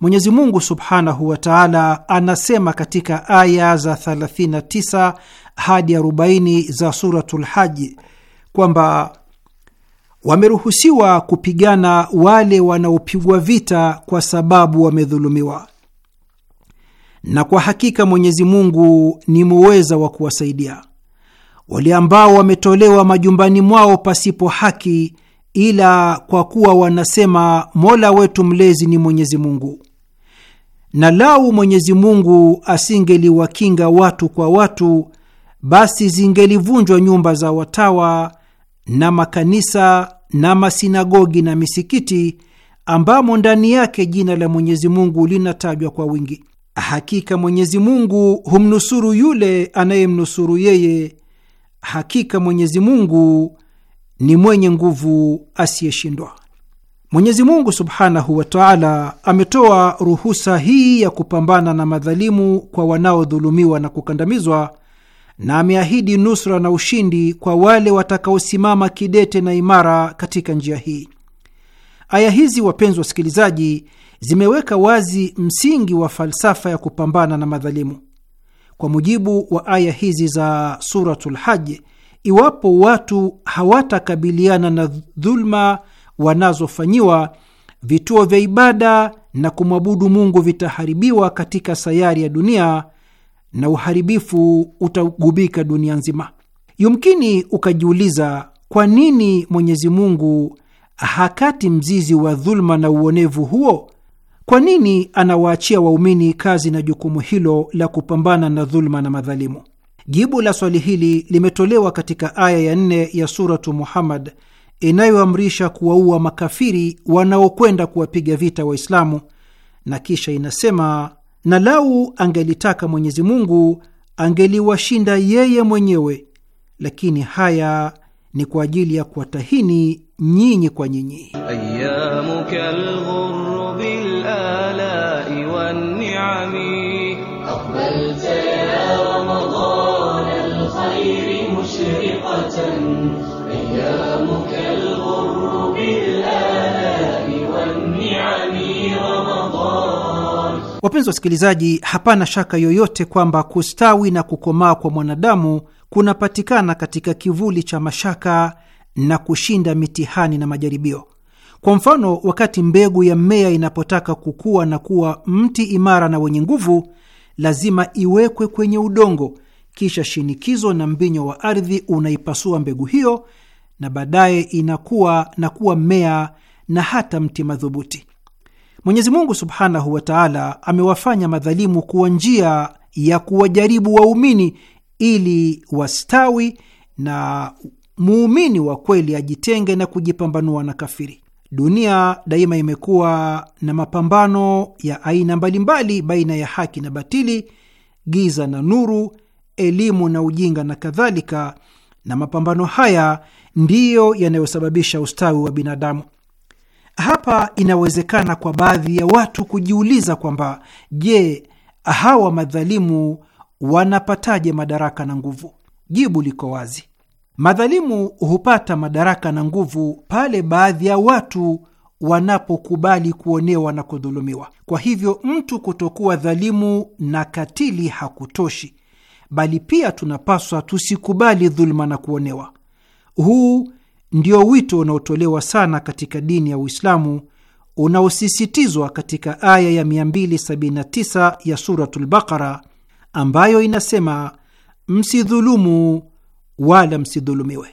S3: Mwenyezi Mungu subhanahu wa taala anasema katika aya za 39 hadi 40 za Suratul Haji kwamba wameruhusiwa kupigana wale wanaopigwa vita kwa sababu wamedhulumiwa, na kwa hakika Mwenyezi Mungu ni muweza wa kuwasaidia wale ambao wametolewa majumbani mwao pasipo haki, ila kwa kuwa wanasema Mola wetu mlezi ni Mwenyezi Mungu. Na lau Mwenyezi Mungu asingeliwakinga watu kwa watu, basi zingelivunjwa nyumba za watawa na makanisa na masinagogi na misikiti ambamo ndani yake jina la Mwenyezi Mungu linatajwa kwa wingi. Hakika Mwenyezi Mungu humnusuru yule anayemnusuru yeye hakika Mwenyezi Mungu ni mwenye nguvu asiyeshindwa. Mwenyezi Mungu subhanahu wa taala ametoa ruhusa hii ya kupambana na madhalimu kwa wanaodhulumiwa na kukandamizwa, na ameahidi nusra na ushindi kwa wale watakaosimama kidete na imara katika njia hii. Aya hizi, wapenzi wasikilizaji, zimeweka wazi msingi wa falsafa ya kupambana na madhalimu. Kwa mujibu wa aya hizi za Suratul haj iwapo watu hawatakabiliana na dhulma wanazofanyiwa, vituo vya ibada na kumwabudu Mungu vitaharibiwa katika sayari ya dunia na uharibifu utagubika dunia nzima. Yumkini ukajiuliza kwa nini Mwenyezi Mungu hakati mzizi wa dhulma na uonevu huo kwa nini anawaachia waumini kazi na jukumu hilo la kupambana na dhuluma na madhalimu? Jibu la swali hili limetolewa katika aya ya nne ya Suratu Muhammad inayoamrisha kuwaua makafiri wanaokwenda kuwapiga vita Waislamu, na kisha inasema, na lau angelitaka Mwenyezi Mungu angeliwashinda yeye mwenyewe, lakini haya ni kwa ajili ya kuwatahini nyinyi kwa nyinyi. Wapenzi wasikilizaji, hapana shaka yoyote kwamba kustawi na kukomaa kwa mwanadamu kunapatikana katika kivuli cha mashaka na kushinda mitihani na majaribio. Kwa mfano, wakati mbegu ya mmea inapotaka kukua na kuwa mti imara na wenye nguvu, lazima iwekwe kwenye udongo, kisha shinikizo na mbinyo wa ardhi unaipasua mbegu hiyo, na baadaye inakuwa na kuwa mmea na hata mti madhubuti. Mwenyezi Mungu subhanahu wa taala amewafanya madhalimu kuwa njia ya kuwajaribu waumini ili wastawi na muumini wa kweli ajitenge na kujipambanua na kafiri. Dunia daima imekuwa na mapambano ya aina mbalimbali baina ya haki na batili, giza na nuru, elimu na ujinga na kadhalika, na mapambano haya ndiyo yanayosababisha ustawi wa binadamu. Hapa inawezekana kwa baadhi ya watu kujiuliza kwamba je, hawa madhalimu wanapataje madaraka na nguvu? Jibu liko wazi. Madhalimu hupata madaraka na nguvu pale baadhi ya watu wanapokubali kuonewa na kudhulumiwa. Kwa hivyo mtu kutokuwa dhalimu na katili hakutoshi, bali pia tunapaswa tusikubali dhuluma na kuonewa. Huu ndio wito unaotolewa sana katika dini ya Uislamu unaosisitizwa katika aya ya 279 ya Suratul Baqara ambayo inasema, msidhulumu wala msidhulumiwe.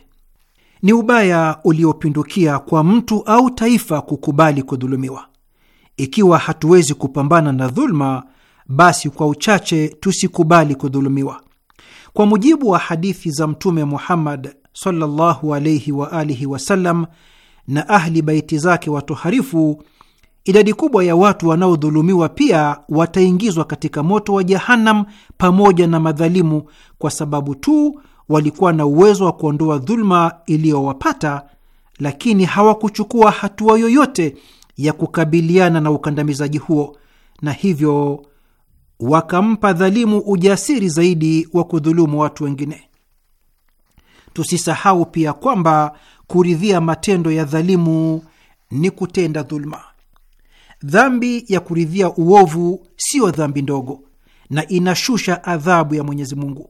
S3: Ni ubaya uliopindukia kwa mtu au taifa kukubali kudhulumiwa. Ikiwa hatuwezi kupambana na dhulma, basi kwa uchache tusikubali kudhulumiwa. Kwa mujibu wa hadithi za Mtume Muhammad sallallahu alayhi wa alihi wasallam na ahli baiti zake watoharifu, idadi kubwa ya watu wanaodhulumiwa pia wataingizwa katika moto wa Jahannam pamoja na madhalimu, kwa sababu tu walikuwa na uwezo wa kuondoa dhuluma iliyowapata, lakini hawakuchukua hatua yoyote ya kukabiliana na ukandamizaji huo, na hivyo wakampa dhalimu ujasiri zaidi wa kudhulumu watu wengine. Tusisahau pia kwamba kuridhia matendo ya dhalimu ni kutenda dhuluma. Dhambi ya kuridhia uovu siyo dhambi ndogo na inashusha adhabu ya Mwenyezi Mungu.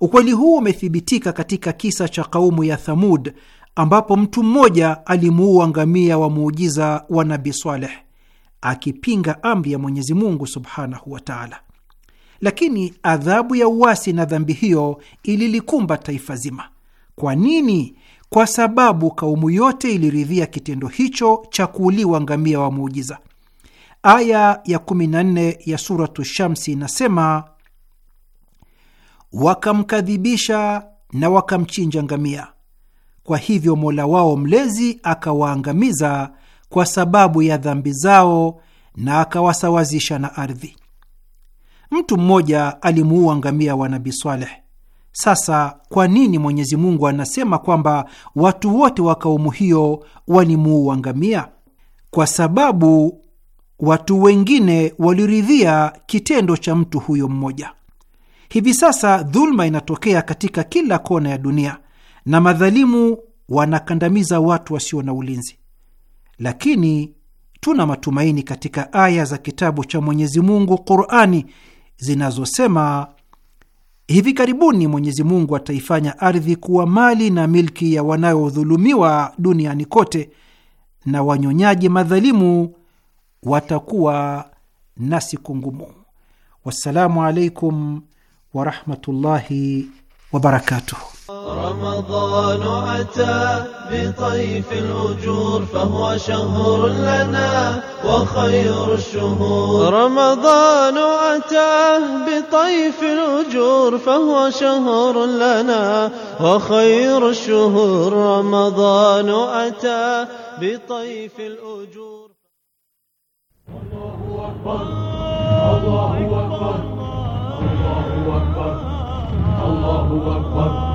S3: Ukweli huu umethibitika katika kisa cha kaumu ya Thamud ambapo mtu mmoja alimuua ngamia wa muujiza wa Nabi Saleh akipinga amri ya Mwenyezi Mungu subhanahu wa taala, lakini adhabu ya uasi na dhambi hiyo ililikumba taifa zima. Kwa nini? Kwa sababu kaumu yote iliridhia kitendo hicho cha kuuliwa ngamia wa muujiza. Aya ya 14 ya Suratu Shamsi inasema, wakamkadhibisha na wakamchinja ngamia, kwa hivyo Mola wao mlezi akawaangamiza kwa sababu ya dhambi zao na akawasawazisha na ardhi. Mtu mmoja alimuua ngamia wa Nabi Swaleh. Sasa kwa nini Mwenyezi Mungu anasema kwamba watu wote wa kaumu hiyo walimuua ngamia? Kwa sababu watu wengine waliridhia kitendo cha mtu huyo mmoja. Hivi sasa dhuluma inatokea katika kila kona ya dunia na madhalimu wanakandamiza watu wasio na ulinzi, lakini tuna matumaini katika aya za kitabu cha Mwenyezi Mungu Qur'ani zinazosema Hivi karibuni Mwenyezi Mungu ataifanya ardhi kuwa mali na milki ya wanayodhulumiwa duniani kote, na wanyonyaji madhalimu watakuwa na siku ngumu. Wassalamu alaikum warahmatullahi wabarakatuh.
S4: رمضان أتى بطيف الأجور فهو شهر لنا وخير الشهور رمضان أتى بطيف الأجور فهو شهر لنا وخير الشهور رمضان أتى بطيف الأجور
S6: الله أكبر الله أكبر الله أكبر الله أكبر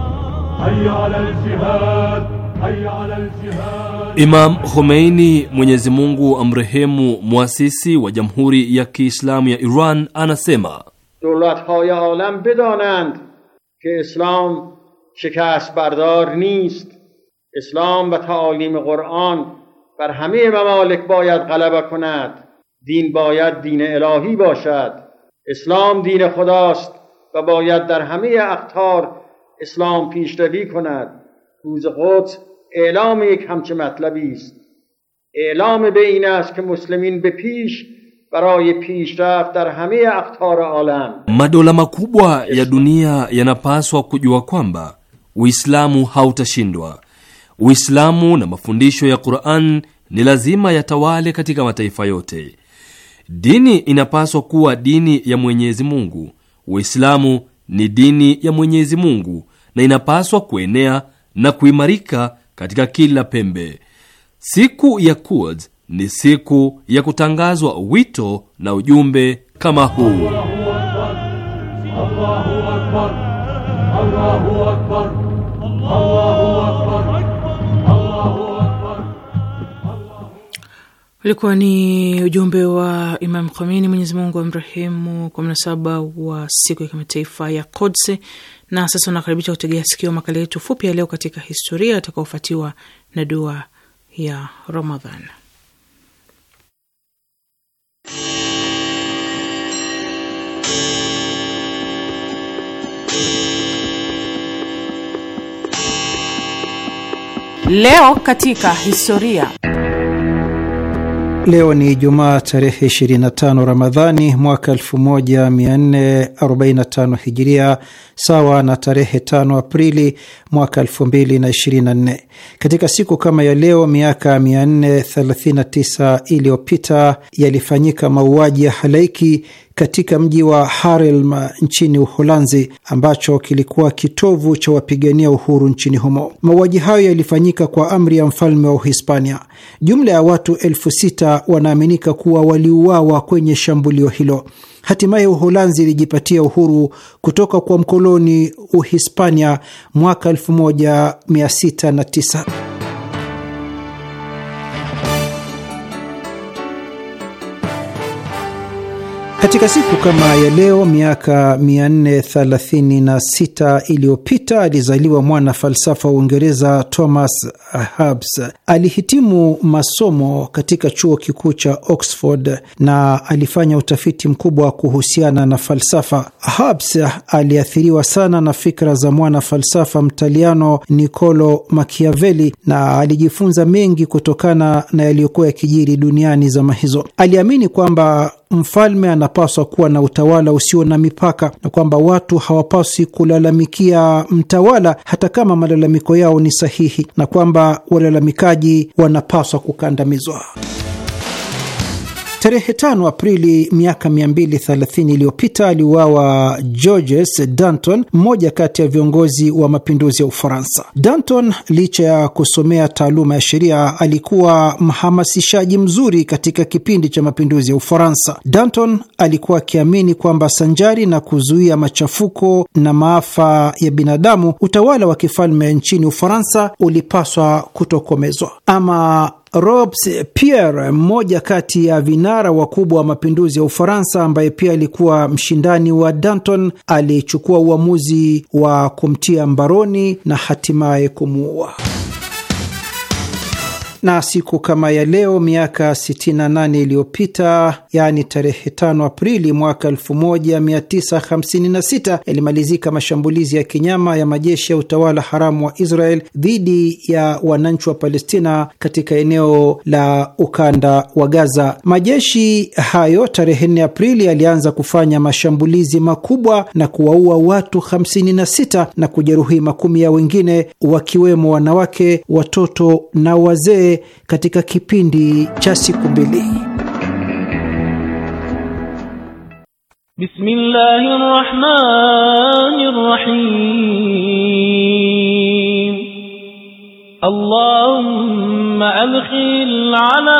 S5: امام خمینی منازمونو امراهمو موسیسی و جمهوری یکی اسلامی ایران آن دولتهای های بدانند که اسلام بردار نیست، اسلام و تعالیم قرآن بر همه ممالک باید غلبه کند، دین باید دین الهی باشد، اسلام دین خداست و باید در همه اختار اسلام پیشروی کند روز قدس اعلام یک همچه مطلبی است اعلام به این است که مسلمین به پیش برای پیشrفت در همه اقطار alam. Madola makubwa ya dunia yanapaswa kujua kwamba Uislamu hautashindwa. Uislamu na mafundisho ya Qur'an ni lazima yatawale katika mataifa yote. Dini inapaswa kuwa dini ya Mwenyezi Mungu. Uislamu ni dini ya Mwenyezi Mungu na inapaswa kuenea na kuimarika katika kila pembe. Siku ya Quds ni siku ya kutangazwa wito na ujumbe kama huu.
S7: Ulikuwa ni ujumbe wa Imam Khomeini, Mwenyezi Mungu amrehemu, kwa mnasaba wa siku ya kimataifa ya Kodse na sasa unakaribisha kutegea sikio makala yetu fupi ya leo katika historia atakaofatiwa na dua ya Ramadhan. Leo katika historia
S3: Leo ni Jumaa tarehe 25 Ramadhani mwaka 1445 Hijiria, sawa na tarehe 5 Aprili mwaka 2024. Katika siku kama ya leo miaka 439 iliyopita yalifanyika mauaji ya halaiki katika mji wa Haarlem uh, nchini Uholanzi, ambacho kilikuwa kitovu cha wapigania uhuru nchini humo. Mauaji hayo yalifanyika kwa amri ya mfalme wa Uhispania. Jumla ya watu elfu sita wanaaminika kuwa waliuawa kwenye shambulio hilo. Hatimaye Uholanzi ilijipatia uhuru kutoka kwa mkoloni Uhispania mwaka 1609. Katika siku kama ya leo miaka 436 iliyopita alizaliwa mwana falsafa wa Uingereza Thomas Hobbes. Alihitimu masomo katika chuo kikuu cha Oxford na alifanya utafiti mkubwa kuhusiana na falsafa. Hobbes aliathiriwa sana na fikra za mwana falsafa Mtaliano Niccolo Machiavelli na alijifunza mengi kutokana na yaliyokuwa yakijiri duniani zama hizo. Aliamini kwamba mfalme anapaswa kuwa na utawala usio na mipaka na kwamba watu hawapaswi kulalamikia mtawala hata kama malalamiko yao ni sahihi na kwamba walalamikaji wanapaswa kukandamizwa. Tarehe 5 Aprili miaka 230 iliyopita aliuawa Georges Danton, mmoja kati ya viongozi wa mapinduzi ya Ufaransa. Danton, licha ya kusomea taaluma ya sheria, alikuwa mhamasishaji mzuri katika kipindi cha mapinduzi ya Ufaransa. Danton alikuwa akiamini kwamba sanjari na kuzuia machafuko na maafa ya binadamu, utawala wa kifalme nchini Ufaransa ulipaswa kutokomezwa. Ama Robespierre, mmoja kati ya vinara wakubwa wa mapinduzi ya Ufaransa, ambaye pia alikuwa mshindani wa Danton, alichukua uamuzi wa kumtia mbaroni na hatimaye kumuua na siku kama ya leo miaka 68 iliyopita, yaani tarehe 5 Aprili mwaka 1956 yalimalizika mashambulizi ya kinyama ya majeshi ya utawala haramu wa Israel dhidi ya wananchi wa Palestina katika eneo la ukanda wa Gaza. Majeshi hayo tarehe 4 Aprili yalianza kufanya mashambulizi makubwa na kuwaua watu 56 na kujeruhi makumi ya wengine, wakiwemo wanawake, watoto na wazee shule katika kipindi cha siku mbili.
S4: Bismillahir Rahmanir Rahim. Allahumma adkhil ala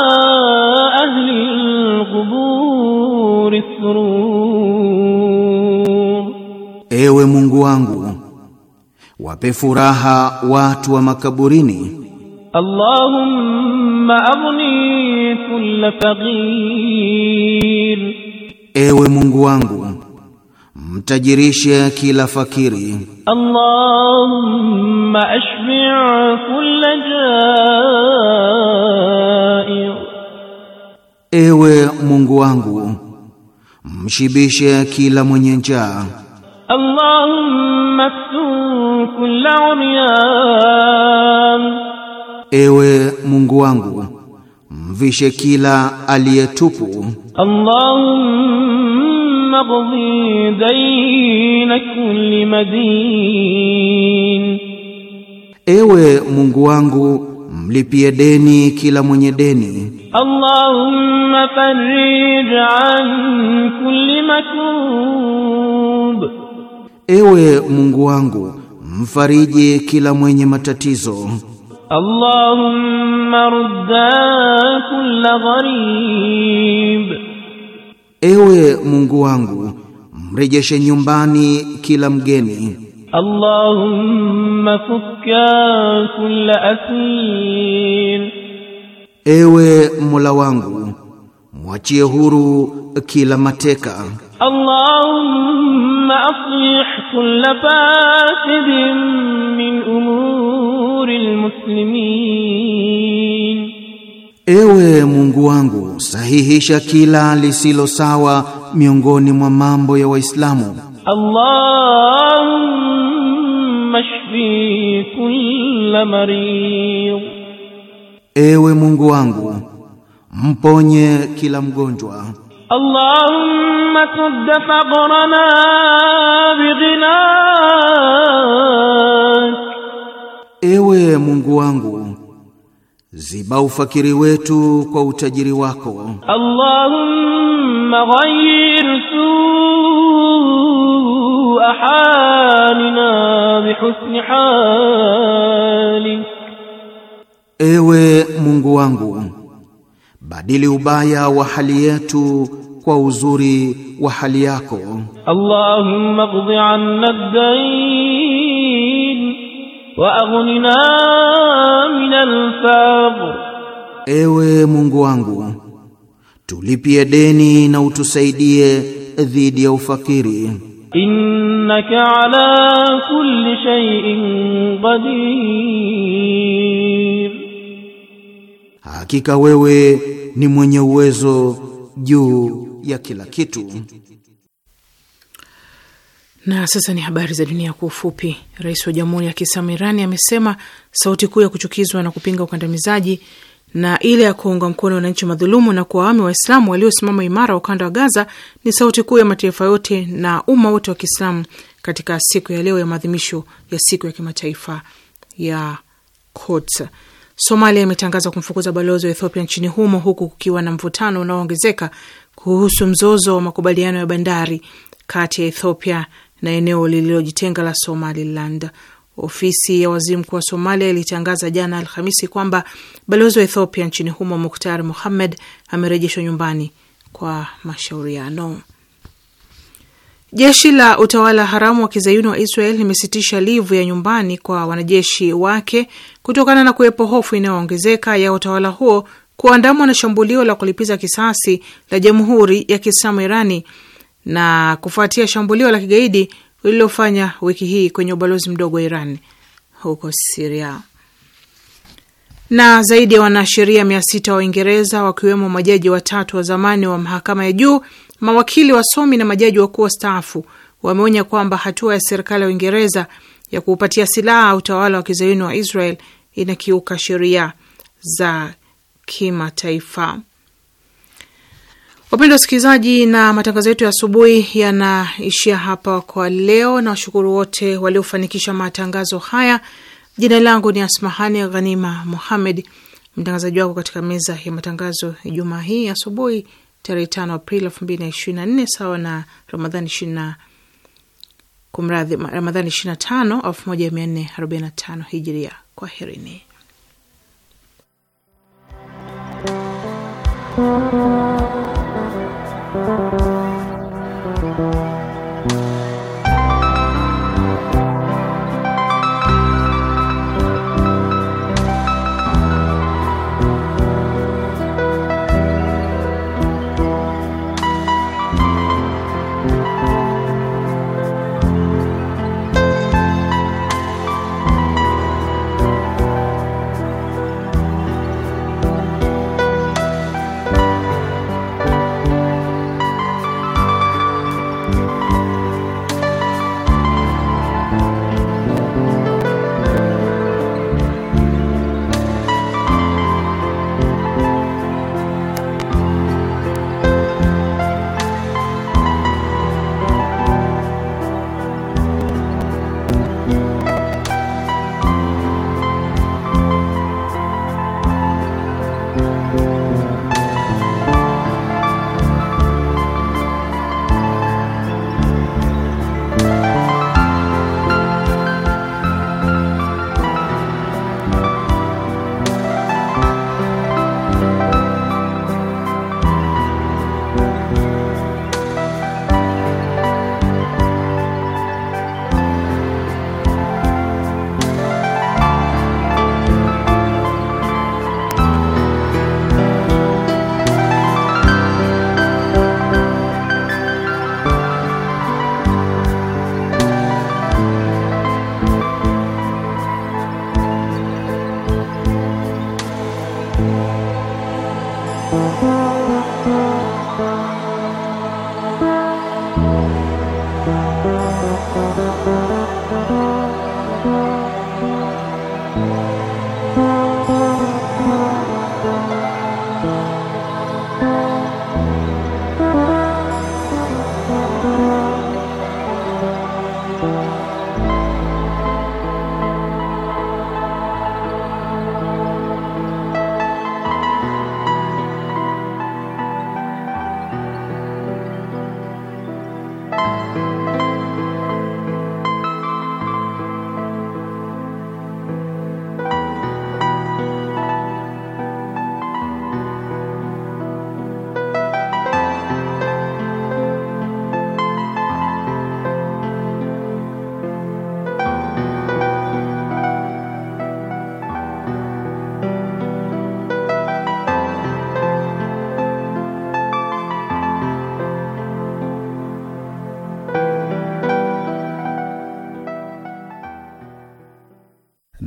S4: ahli al-qubur surur.
S5: Ewe Mungu wangu, wape furaha
S4: watu wa makaburini Allahumma aghni kulla faqir,
S5: ewe Mungu wangu mtajirishe kila fakiri.
S4: Allahumma ashbi kulla jair,
S5: ewe Mungu wangu mshibishe kila mwenye njaa.
S4: Allahumma kulla umyan
S5: Ewe Mungu wangu, mvishe kila
S4: aliyetupu. Allahumma qdi dayna kulli madin,
S5: Ewe Mungu wangu mlipie deni kila mwenye deni.
S4: Allahumma farij an kulli makrub,
S5: Ewe Mungu wangu mfariji kila mwenye
S4: matatizo. اللهم ردا kulla gharib, ewe Mungu wangu mrejeshe
S5: nyumbani kila mgeni.
S4: Allahumma fukka kulla asir, ewe Mola wangu
S5: mwachie huru kila mateka.
S4: Allahumma aslih kulla fasidin min umur المسلمين Ewe Mungu
S5: wangu sahihisha kila lisilo sawa miongoni mwa mambo ya Waislamu
S4: Allahumma shfi kulla marid
S5: Ewe Mungu wangu mponye kila mgonjwa
S4: Allahumma sudd faqrana bighina
S5: Ewe Mungu wangu, ziba ufakiri wetu kwa utajiri
S4: wako. Allahumma ghayyir su'a halina bihusni halik,
S5: Ewe Mungu wangu, badili ubaya wa hali yetu kwa uzuri wa hali yako.
S4: Allahumma qdi anna ad-dayn واغننا من الفقر
S5: ewe Mungu wangu tulipie deni na utusaidie dhidi ya ufakiri.
S4: innaka ala kulli shay'in qadir,
S5: hakika wewe ni mwenye uwezo juu ya kila kitu.
S7: Na sasa ni habari za dunia kwa ufupi. Rais wa Jamhuri ya Kiislamu Irani amesema sauti kuu ya kuchukizwa na kupinga ukandamizaji na ile ya kuunga mkono wananchi madhulumu na kuwaami Waislamu waliosimama imara wa ukanda wa Gaza ni sauti kuu ya mataifa yote na umma wote wa Kiislamu katika siku ya leo ya maadhimisho ya siku ya kimataifa ya Quds. Somalia imetangaza kumfukuza balozi wa Ethiopia nchini humo huku kukiwa na mvutano unaoongezeka kuhusu mzozo wa makubaliano ya bandari kati ya Ethiopia na eneo lililojitenga la Somaliland. Ofisi ya waziri mkuu wa Somalia ilitangaza jana Alhamisi kwamba balozi wa Ethiopia nchini humo Muktar Muhammed amerejeshwa nyumbani kwa mashauriano. Jeshi la utawala haramu wa kizayuni wa Israel limesitisha livu ya nyumbani kwa wanajeshi wake kutokana na kuwepo hofu inayoongezeka ya utawala huo kuandamwa na shambulio la kulipiza kisasi la jamhuri ya Kiislamu Irani na kufuatia shambulio la kigaidi lililofanya wiki hii kwenye ubalozi mdogo wa Iran huko Siria. Na zaidi ya wanasheria mia sita wa Uingereza wakiwemo majaji watatu wa zamani wa mahakama ya juu, mawakili, wasomi na majaji wakuu wastaafu wameonya kwamba hatua ya serikali ya Uingereza ya kuupatia silaha utawala wa kizayuni wa Israel inakiuka sheria za kimataifa wa wasikilizaji, na matangazo yetu ya asubuhi yanaishia hapa kwa leo, na washukuru wote waliofanikisha matangazo haya. Jina langu ni Asmahani Ghanima Muhamed, mtangazaji wako katika meza ya matangazo Ijumaa hii asubuhi tarehe tano Aprili elfu mbili na ishirini na nne sawa na Ramadhani ishirini na kumradhi, Ramadhani ishirini na tano elfu moja mia nne arobaini na tano Hijiria. Thank you.